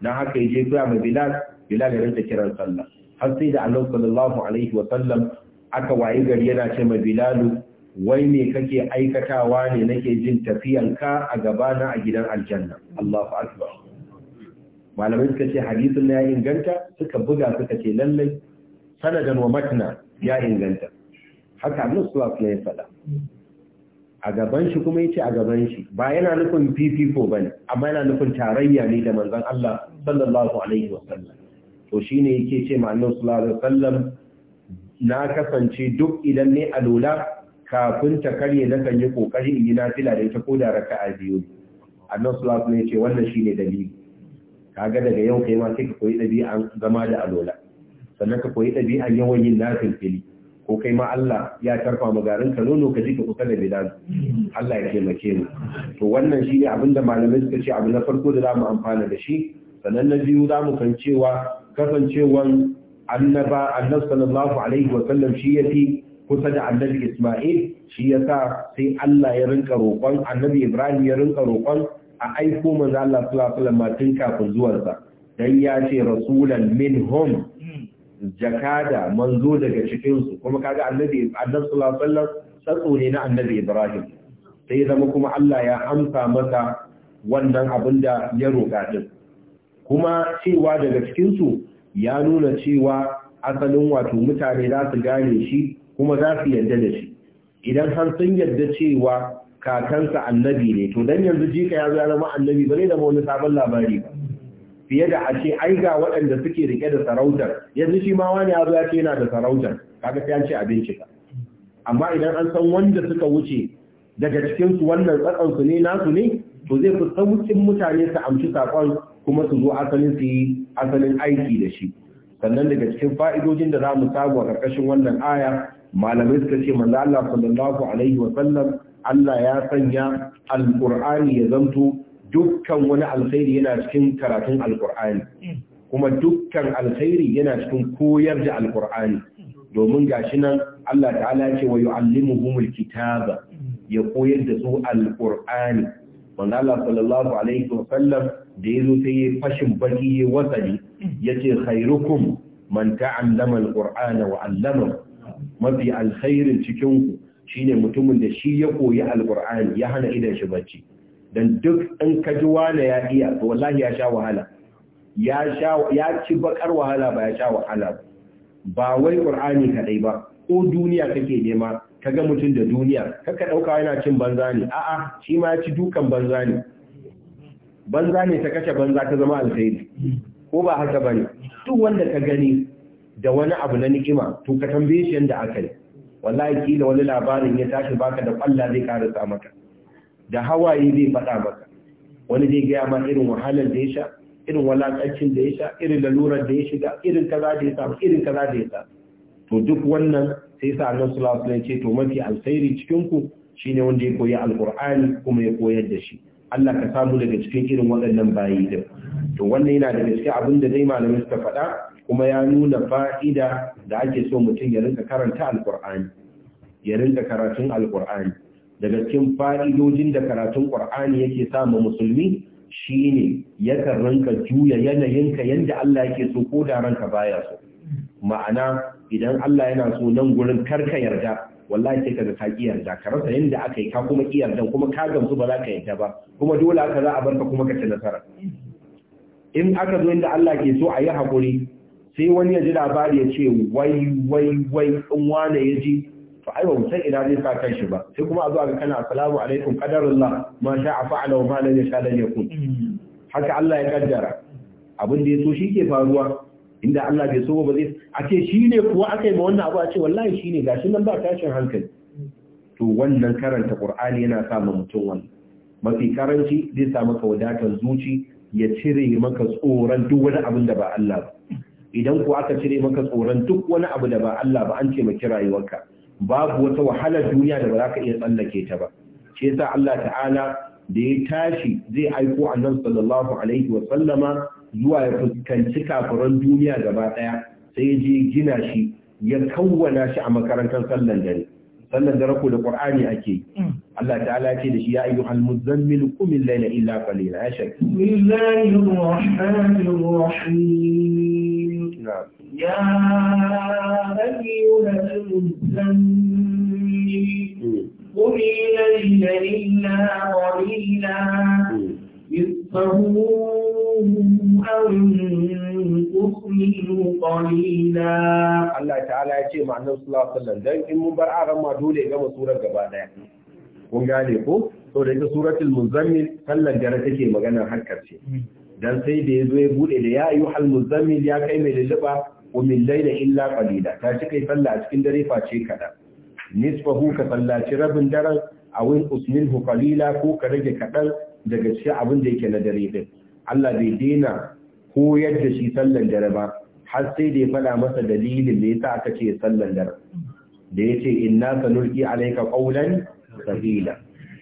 Na haka yaje koya ma Bilal Bilal ya rinta kiran sallah har sai da Allah sallallahu alaihi wa sallam aka wayi gari yana ce ma Bilalu. wai me kake aikatawa ne nake jin tafiyan ka a gabana a gidan aljanna Allahu akbar malamai suka ce hadisin ya inganta suka buga suka ce lallai sanadan wa matna ya inganta haka abin su wa yi fada a gaban shi kuma ya ce a gaban shi ba yana nufin fifiko ba ne amma yana nufin tarayya ne da manzan Allah sallallahu alaihi wa sallam. to shi ne yake ce annabi sallallahu alaihi sallam na kasance duk idan ne alula kafin ta karye na kan yi kokari in yi nafila da ita ko da raka'a biyu annabi sallallahu alaihi wasallam ya ce wannan shine dalili kaga daga yau kai ma sai ka koyi ɗabi'an zama da alola sannan ka koyi ɗabi'an yawan yin nafin fili ko kai ma Allah ya tarfa garin ka nono ka ji ka kusa da bidan Allah ya taimake mu to wannan shi ne abinda malamai suka ce abu na farko da zamu amfana da shi sannan na biyu zamu kan cewa kasancewan annaba annabi sallallahu alaihi wa sallam shi yafi kusa da annabi Isma'il shi yasa sai Allah ya rinka roƙon annabi Ibrahim ya rinka roƙon a aiko manzo Allah sallallahu alaihi wasallam tun kafin zuwansa dan ya ce rasulan minhum jakada manzo daga cikin su kuma kaga annabi annabi sallallahu alaihi wasallam tsatso ne na annabi Ibrahim sai zama kuma Allah ya amsa masa wannan abin da ya roƙa din kuma cewa daga cikin su ya nuna cewa asalin wato mutane za su gane shi kuma za su yarda da shi idan har sun yarda cewa kakansa annabi ne to dan yanzu jika ya zo ya zama annabi bare da wani sabon labari ba fiye da a ce ai ga waɗanda suke rike da sarautar yanzu shi ma wani ya zo ya ce yana da sarautar kaga sai an ce a bincika amma idan an san wanda suka wuce daga cikin su wannan tsatsan su ne nasu ne to zai fi saukin mutane su amshi sakon kuma su zo asalin su asalin aiki da shi sannan daga cikin fa'idojin da za mu samu a ƙarƙashin wannan aya malamai suka ce manzo Allah sallallahu alaihi wa sallam Allah ya sanya alƙur'ani ya zanto dukkan wani alkhairi yana cikin karatun alƙur'ani kuma dukkan alkhairi yana cikin koyar da alƙur'ani domin gashi nan Allah ta'ala ce wa yu'allimuhumul kitaba ya koyar da su alƙur'ani wanda Allah sallallahu alaihi wa sallam da yazo sai ya fashin baki ya wasali yace khairukum man ta'allama alqur'ana wa 'allama mafi alkhairin cikin ku shine mutumin da shi ya koyi alkur'ani ya hana idan shi bacci dan duk in ka ji wala ya iya to wallahi ya sha wahala ya ci bakar wahala ba ya sha wahala ba wai ƙur'ani kaɗai ba ko duniya kake nema kaga mutum da duniya kaka dauka yana cin banza ne a'a shi ma ya ci dukan banza ne banza ne ta kashe banza ta zama alkhairi ko ba haka bane duk wanda ka gani da wani abu na ni'ima to ka tambaye shi yanda aka yi wallahi kila wani labarin ya tashi baka da kwalla zai karasa maka da hawaye zai faɗa maka wani zai gaya ma irin wahalar da ya sha irin walakancin da ya sha irin lalurar da ya shiga irin kaza da ya samu irin kaza da ya samu to duk wannan sai sa annabi sallallahu alaihi wasallam ce to mafi alkhairi cikin ku shine wanda ya koyi alqur'ani kuma ya koyar da shi Allah ka samu daga cikin irin waɗannan bayi din to wannan yana daga cikin abin da dai malamai suka faɗa kuma ya nuna fa'ida da ake so mutum ya rinka karanta alkur'ani ya rinka karatun alkur'ani daga cikin fa'idojin da karatun ƙur'ani yake samun musulmi shine yakan rinka juya yanayinka yadda Allah yake so ko da ranka baya so ma'ana idan Allah yana so nan gurin karka yarda wallahi sai kaga ka yarda ka rasa yadda aka yi ka kuma yarda kuma ka gamsu ba za ka yarda ba kuma dole aka za a barka kuma ka ci nasara in aka zo inda Allah ke so a yi haƙuri sai wani ya ji labari ya ce wai wai wai in wane ya ji to ai wutar ina zai sa kan shi ba sai kuma a zuwa ga kana assalamu alaikum qadarullah ma a fa'ala wa ma lam yasha lam yakun haka Allah ya kaddara abin da ya so shi ke faruwa inda Allah bai so ba zai a ce shi kuwa aka yi ma wannan abu a ce wallahi shi gashi nan ba tashin hankali to wannan karanta qur'ani yana sa ma mutum wannan mafi karanci zai sa maka wadatar zuci ya cire maka tsoron duk wani abin da ba Allah ba idan ku aka cire maka tsoron duk wani abu da ba Allah ba an maki rayuwarka babu wata wahalar duniya da ba za ka iya tsallake ta ba shi yasa Allah ta'ala da ya tashi zai aiko annabi sallallahu alaihi wa sallama zuwa ya fuskanci kafiran duniya gaba daya sai ya je gina shi ya kawwana shi a makarantar sallan dare sallan dare ko da qur'ani ake Allah ta'ala ce da shi ya ayyuhal muzammil qum al-layla illa qalila ya shak bismillahir rahmanir rahim ya ayyuhal muzammil qum al-layla illa qalila Allah أو انقصهم قليلا الله تعالى يتي مع النبي صلى الله عليه وسلم دان إن مبار dole ya gama قام gaba kun gane ko sau da ita suratul muzammil sallan gara take maganar harkar ce dan sai da ya zo ya bude da ya yi hal muzammil ya kai mai lulluba wa min layla illa qalila ta ci kai sallah a cikin dare face kaɗan. nisfahu ka sallaci rabin daren a awin usminhu qalila ko ka rage kaɗan. daga cikin abin da yake na dare din Allah bai daina ko yadda shi sallan dare ba har sai da ya faɗa masa dalilin da yasa aka ce sallan dare da yace inna sanulqi alayka qawlan sabila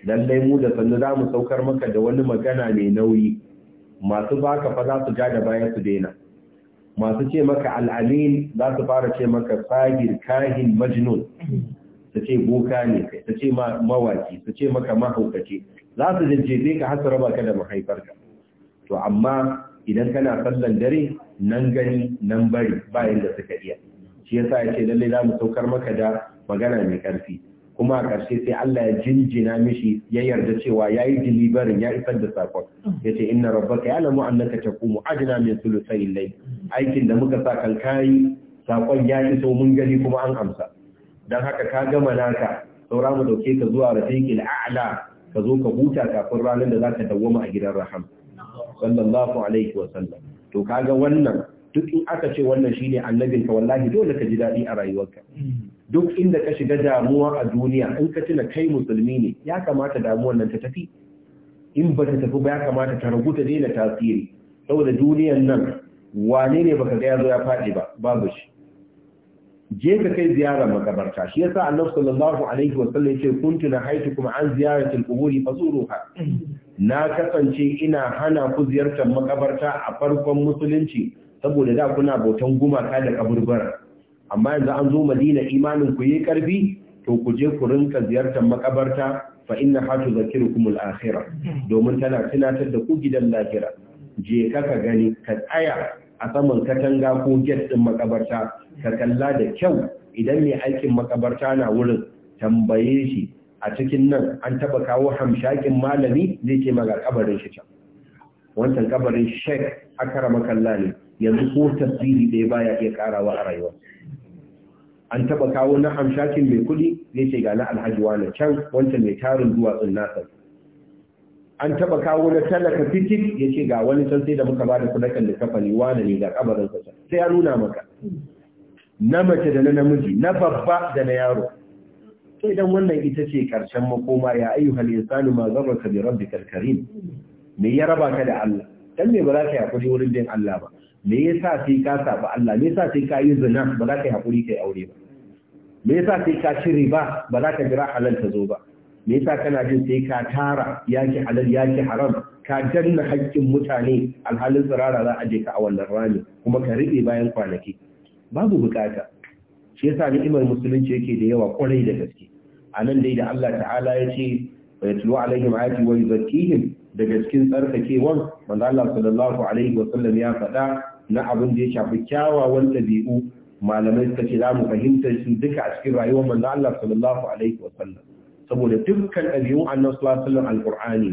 lallai mu da sannu za mu saukar maka da wani magana mai nauyi masu baka fa za su ja da baya su daina masu ce maka al'amin za su fara ce maka sagir kahin majnun su ce boka ne kai su ce mawaki su ce maka mahaukaci za su jajjefe ka har su raba ka da mahaifarka to amma idan kana sallan dare nan gani nan bari bayan da suka iya shi ya yace lallai za mu saukar maka da magana mai karfi kuma a ƙarshe sai Allah ya jinjina mishi ya yarda cewa yayi delivery ya isar da sakon yace inna rabbaka ya'lamu annaka taqumu adna min thuluthay sai lai aikin da muka sa kan saƙon sakon ya iso mun gani kuma an amsa dan haka ka gama naka saura mu dauke ka zuwa rafiqil a'la ka zo ka huta kafin ranar da za ka dawwama a gidan rahama sallallahu alaihi wa sallam to kaga wannan duk in aka ce wannan shine annabinka wallahi dole ka ji daɗi a rayuwarka duk inda ka shiga damuwa a duniya in ka tuna kai musulmi ne ya kamata damuwar nan ta tafi in ba ta tafi ba ya kamata ta rubuta daina tasiri saboda duniyar nan wane ne baka ga ya zo ya faɗi ba babu shi je ka kai ziyara makabarta shi yasa annabi sallallahu alaihi wa sallam yace kuntu kuma an ziyaratul al-quburi fazuruha na kasance ina hana ku ziyartar makabarta a farkon musulunci saboda da kuna bautan gumaka da kaburbar amma yanzu an zo Madina imanin ku yi karfi to ku je ku rinka ziyartar makabarta fa inna hatu zakirukum al-akhirah domin tana tunatar da ku gidan lahira je ka ka gani ka tsaya a saman katanga ko get ɗin makabarta ka kalla da kyau idan mai aikin makabarta na wurin tambaye shi a cikin nan an taba kawo hamshakin malami zai ce maga kabarin shi can wancan kabarin shek akara makalla ne yanzu ko tasiri dai baya iya karawa a rayuwa an taba kawo na hamshakin mai kuɗi zai ce ga na alhaji wani can wancan mai tarin duwatsun nasa an taɓa kawo na talaka fitik ya ce ga wani can sai da muka ba da sadakan kafali wani ne ga kabarin sa sai ya nuna maka na mace da na namiji na babba da na yaro Sai idan wannan ita ce karshen makoma ya hal insanu ma zarraka bi rabbikal karim me ya raba ka da Allah dan me ba za ka yakuri wurin din Allah ba me yasa sai ka saba Allah me yasa sai ka yi zina ba za ka hakuri kai aure ba me yasa sai ka ci riba ba za ka jira halal ta zo ba me yasa kana jin sai ka tara yaki halal yaki haram ka danna hakkin mutane alhalin tsirara za a je ka a wannan rami kuma ka riɓe bayan kwanaki babu bukata shi yasa ni'imar musulunci yake da yawa kwarai da gaske a nan dai da Allah ta'ala ya ce wa yatlu alaihim ayati wa yuzakkihim da gaskin tsarkakewan manzo Allah sallallahu alaihi wa sallam ya faɗa na abin da ya shafi kyawawan ɗabi'u malamai suka ce za mu fahimtar su duka a cikin rayuwar manzo Allah sallallahu alaihi wa sallam saboda dukkan ɗabi'un annabi Alkur'ani alaihi alqur'ani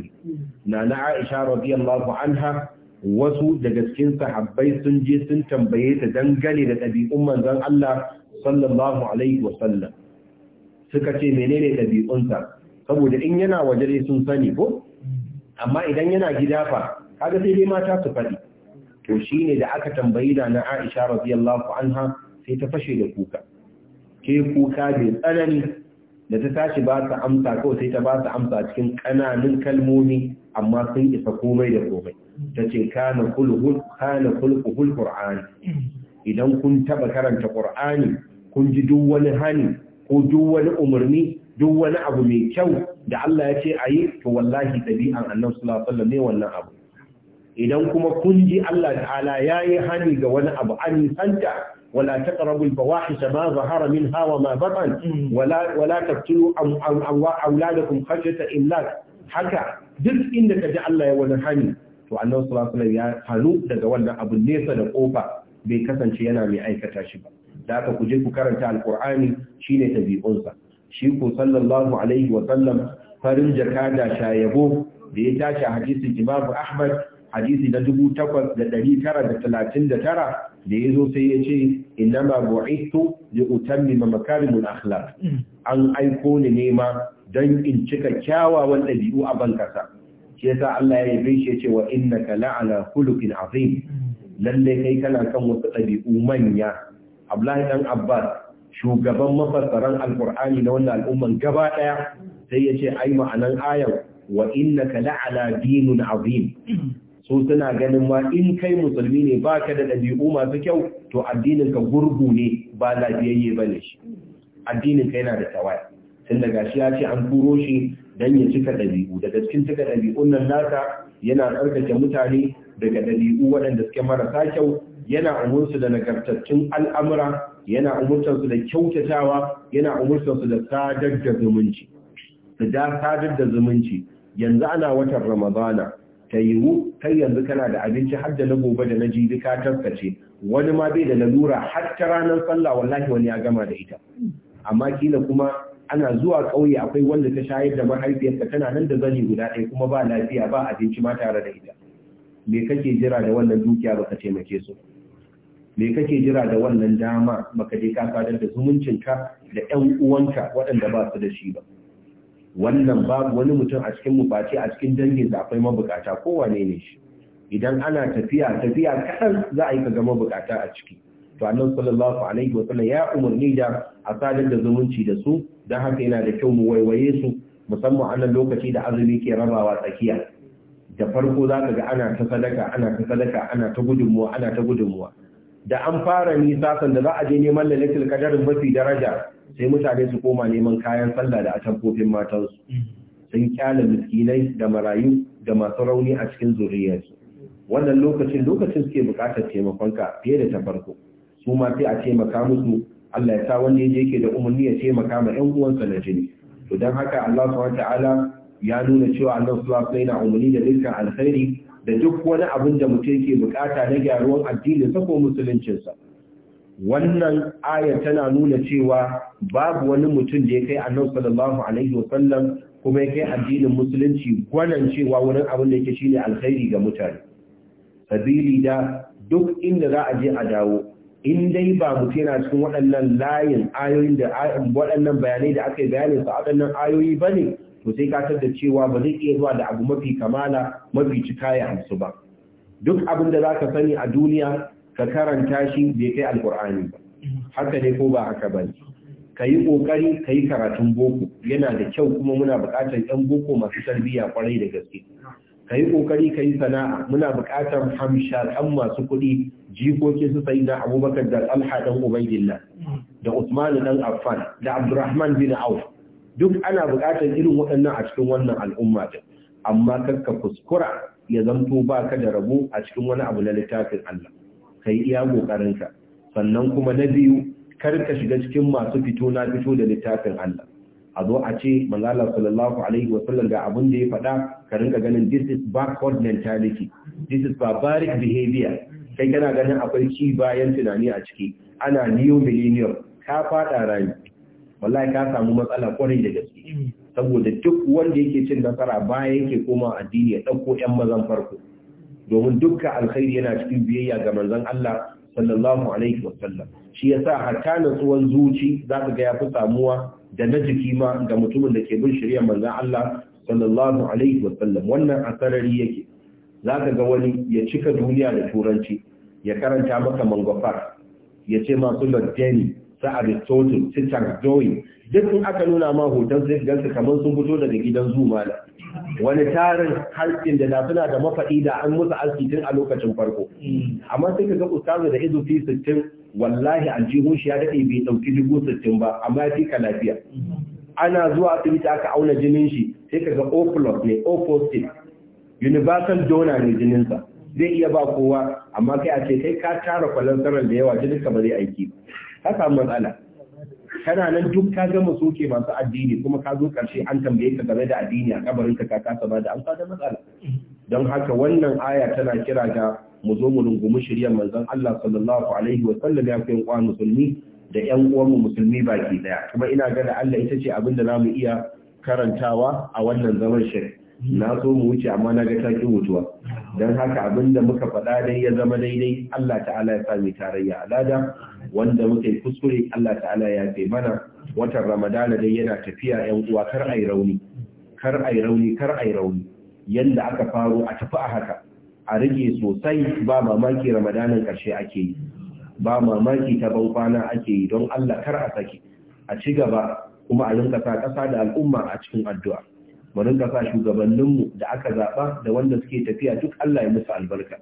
na na Aisha radiyallahu anha wasu daga cikin sahabbai sun je sun tambaye ta dangane da ɗabi'un manzon Allah sallallahu alaihi wasallam suka ce menene ɗabi'unsa saboda in yana waje dai sun sani ko amma idan yana gida fa kaga sai dai mata su faɗi to shine da aka tambayi da na Aisha radiyallahu anha sai ta fashe da kuka ke kuka mai tsanani da ta tashi ba ta amsa ko sai ta ba ta amsa cikin ƙananun kalmomi amma sun isa komai da komai ta ce kana kulhul kana kulhul qur'ani idan kun taba karanta qur'ani kun ji duk wani hani ko duk wani umarni duk wani abu mai kyau da Allah ya ce a yi to wallahi ɗabi'an annan sulatsallam ne wannan abu idan kuma kun ji Allah ta'ala ya yi hani ga wani abu an santa ولا تقربوا الفواحش ما ظهر منها وما بطن ولا ولا تقتلوا اولادكم خشيه املاك haka duk inda ka ji Allah ya wani hani to annabi sallallahu alaihi ya hanu daga wannan abu nesa da ƙofa bai kasance yana mai aikata shi ba da haka ku je ku karanta alqur'ani shine tabi'unsa shi ko sallallahu alaihi wa sallam farin jakada shayabo da ya tashi hadisin Imam Ahmad hadisi na dubu da da tara tara. da ya zo sai ya ce ma bu'ithu li utammima makarimul akhlaq an aiko ni nema dan in cika kyawawan dabi'u a bankasa shi yasa Allah ya yabe shi yace wa innaka la'ala khuluqin azim lalle kai kana kan wasu dabi'u manya Abdullahi dan Abbas shugaban mafassaran alqur'ani na wannan al'umman gaba daya sai yace ai ma'anan ayar wa innaka la'ala dinun azim su suna ganin ma in kai musulmi ne ba ka da ɗabi'u masu kyau to addininka gurgu ne ba lafiyayye ba ne shi addininka yana da tawaya tun daga shi ya ce an turo shi don ya cika ɗabi'u daga cikin cika ɗabi'un nan nasa yana tsarkake mutane daga ɗabi'u waɗanda suke marasa kyau yana umurtansu da nagartattun al'amura yana umurtansu da kyautatawa yana umurtansu da sadar da zumunci da sadar da zumunci yanzu ana watan ramadana ta yiwu kai yanzu kana da abinci har da na gobe da na ji ka tarkace, wani ma bai da lalura har ta ranar sallah wallahi wani ya gama da ita amma kila kuma ana zuwa ƙauye akwai wanda ta shayar da mahaifiyarsa tana nan da zani guda ɗaya kuma ba lafiya ba abinci ma tare da ita me kake jira da wannan dukiya baka taimake su me kake jira da wannan dama baka je ka sadar da zumuncinka da ƴan uwanka waɗanda ba su da shi ba wannan babu wani mutum a cikin mu bace a cikin dangin akwai mabukata kowane ne shi idan ana tafiya tafiya kadan za a yi kaga mabukata a ciki to annabi sallallahu alaihi wa sallam ya umarni da a sadar da zumunci da su dan haka yana da kyau mu waiwaye su musamman a nan lokaci da azumi ke rabawa tsakiya da farko za ka ga ana ta sadaka ana ta sadaka ana ta gudunmuwa ana ta gudunmuwa da an fara nisasan da za a je neman lalatul kadarin mafi daraja sai mutane su koma neman kayan sallah da atamfofin matansu sun kyale miskinai da marayu da masu rauni a cikin zuriyarsu wannan lokacin lokacin suke bukatar taimakonka fiye da ta farko su ma sai a taimaka musu Allah ya sa wanda yaje yake da umarni ya taimaka ma ƴan uwansa na jini to don haka Allah subhanahu ta'ala ya nuna cewa Allah subhanahu ta'ala yana umarni da dukkan alkhairi da duk wani abin da mutum ke bukata na gyaruwan addini ko musuluncinsa wannan aya tana nuna cewa babu wani mutum da ya kai annabi sallallahu alaihi wasallam kuma ya kai addinin musulunci gwanan cewa wurin abin da yake shine alkhairi ga mutane sabili da duk inda za a je a dawo in dai ba mutum yana cikin waɗannan layin ayoyin da waɗannan bayanai da aka yi bayanin sa waɗannan ayoyi bane to sai ka da cewa ba zai iya zuwa da abu mafi kamala mafi cika ya hamsu ba duk abin da zaka sani a duniya ka karanta shi bai kai alkur'ani ba haka ne ko ba haka ba ka yi ƙoƙari ka yi karatun boko yana da kyau kuma muna buƙatar 'yan boko masu tarbiyya kwarai da gaske ka yi ƙoƙari ka yi sana'a muna buƙatar hamsharan masu kuɗi jikokin su sai da abubakar da alha ɗan ubaidillah da usman ɗan affan da abdurrahman bin auf duk ana buƙatar irin waɗannan a cikin wannan al'umma din amma karka kuskura ya zanto ba ka da rabo a cikin wani abu na littafin Allah kai iya ƙoƙarinka sannan kuma na biyu karka shiga cikin masu fito na fito da littafin Allah a zo a ce manzala sallallahu alaihi wasallam ga abin da ya faɗa ka rinka ganin this is backward mentality this is barbaric behavior kai kana ganin akwai ci bayan tunani a ciki ana new millennium ka faɗa rami wallahi ka samu matsala kwarai da gaske saboda duk wanda yake cin nasara baya yake koma addini ya dauko 'yan mazan farko domin dukka alkhairi yana cikin biyayya ga manzon Allah sallallahu alaihi wasallam shi yasa hatta natsuwan zuci za ka ga ya fi samuwa da na jiki ma ga mutumin da ke bin shirya manzon Allah sallallahu alaihi wasallam wannan asarari yake za ka ga wani ya cika duniya da turanci ya karanta maka mangwafar ya ce masu lordeni ta aristotle su tardoyi duk in aka nuna ma hoton sai gansu kamar sun fito daga gidan zuma da wani tarin harfin da na suna da mafaɗi da an musu aski tun a lokacin farko amma sai ka ga ustazu da izu fi sittin wallahi aljihun shi ya daɗe bai ɗauki dubu sittin ba amma ya fi ka lafiya ana zuwa asibiti aka auna jinin shi sai ka ga o ne o positive universal donor ne jininsa zai iya ba kowa amma kai a ce kai ka tara kwalansarar da yawa jinin ka ba zai aiki ba ka samu matsala kana nan duk ka gama soke masu addini kuma ka zo karshe an tambaye ka game da addini a kabarin ka kasa ba da amsa da matsala don haka wannan aya tana kira ga mu zo mu rungumi shiryar manzon Allah sallallahu alaihi wa sallam ya kai uwan musulmi da ƴan uwan mu musulmi baki daya kuma ina ga da Allah ita ce abin da zamu iya karantawa a wannan zaman shiri na so mu wuce amma na ga takin mutuwa. don haka abinda muka faɗa dai ya zama daidai Allah ta'ala ya sami tarayya alada wanda muka yi kuskure Allah ta'ala ya fi mana watan ramadana dai yana tafiya yan uwa kar ai rauni kar ai rauni kar ai rauni Yadda aka faro a tafi a haka a rage sosai ba mamaki Ramadanan ƙarshe ake yi ba mamaki ta bankwana ake yi don Allah kar a sake a ci gaba kuma a rinka sa ƙasa da al'umma a cikin addu'a mu rinka sa shugabanninmu da aka zaɓa da wanda suke tafiya duk Allah ya musu albarka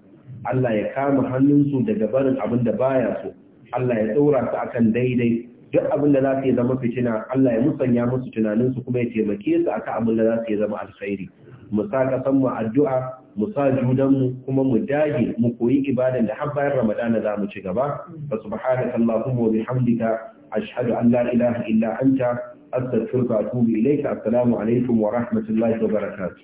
Allah ya kama hannunsu daga barin abin da baya so Allah ya ɗora su akan daidai duk abin da za su yi zama fitina Allah ya musanya musu tunaninsu kuma ya taimake su akan abin da za su yi zama alfairi. mu sa kasan mu addu'a mu sa judanmu kuma mu dage mu koyi ibadan da har bayan Ramadana za mu ci gaba Ba subhanaka allahumma wa bihamdika ashhadu an la ilaha illa anta astaghfiruka wa atubu ilayka assalamu alaikum wa rahmatullahi wa barakatuh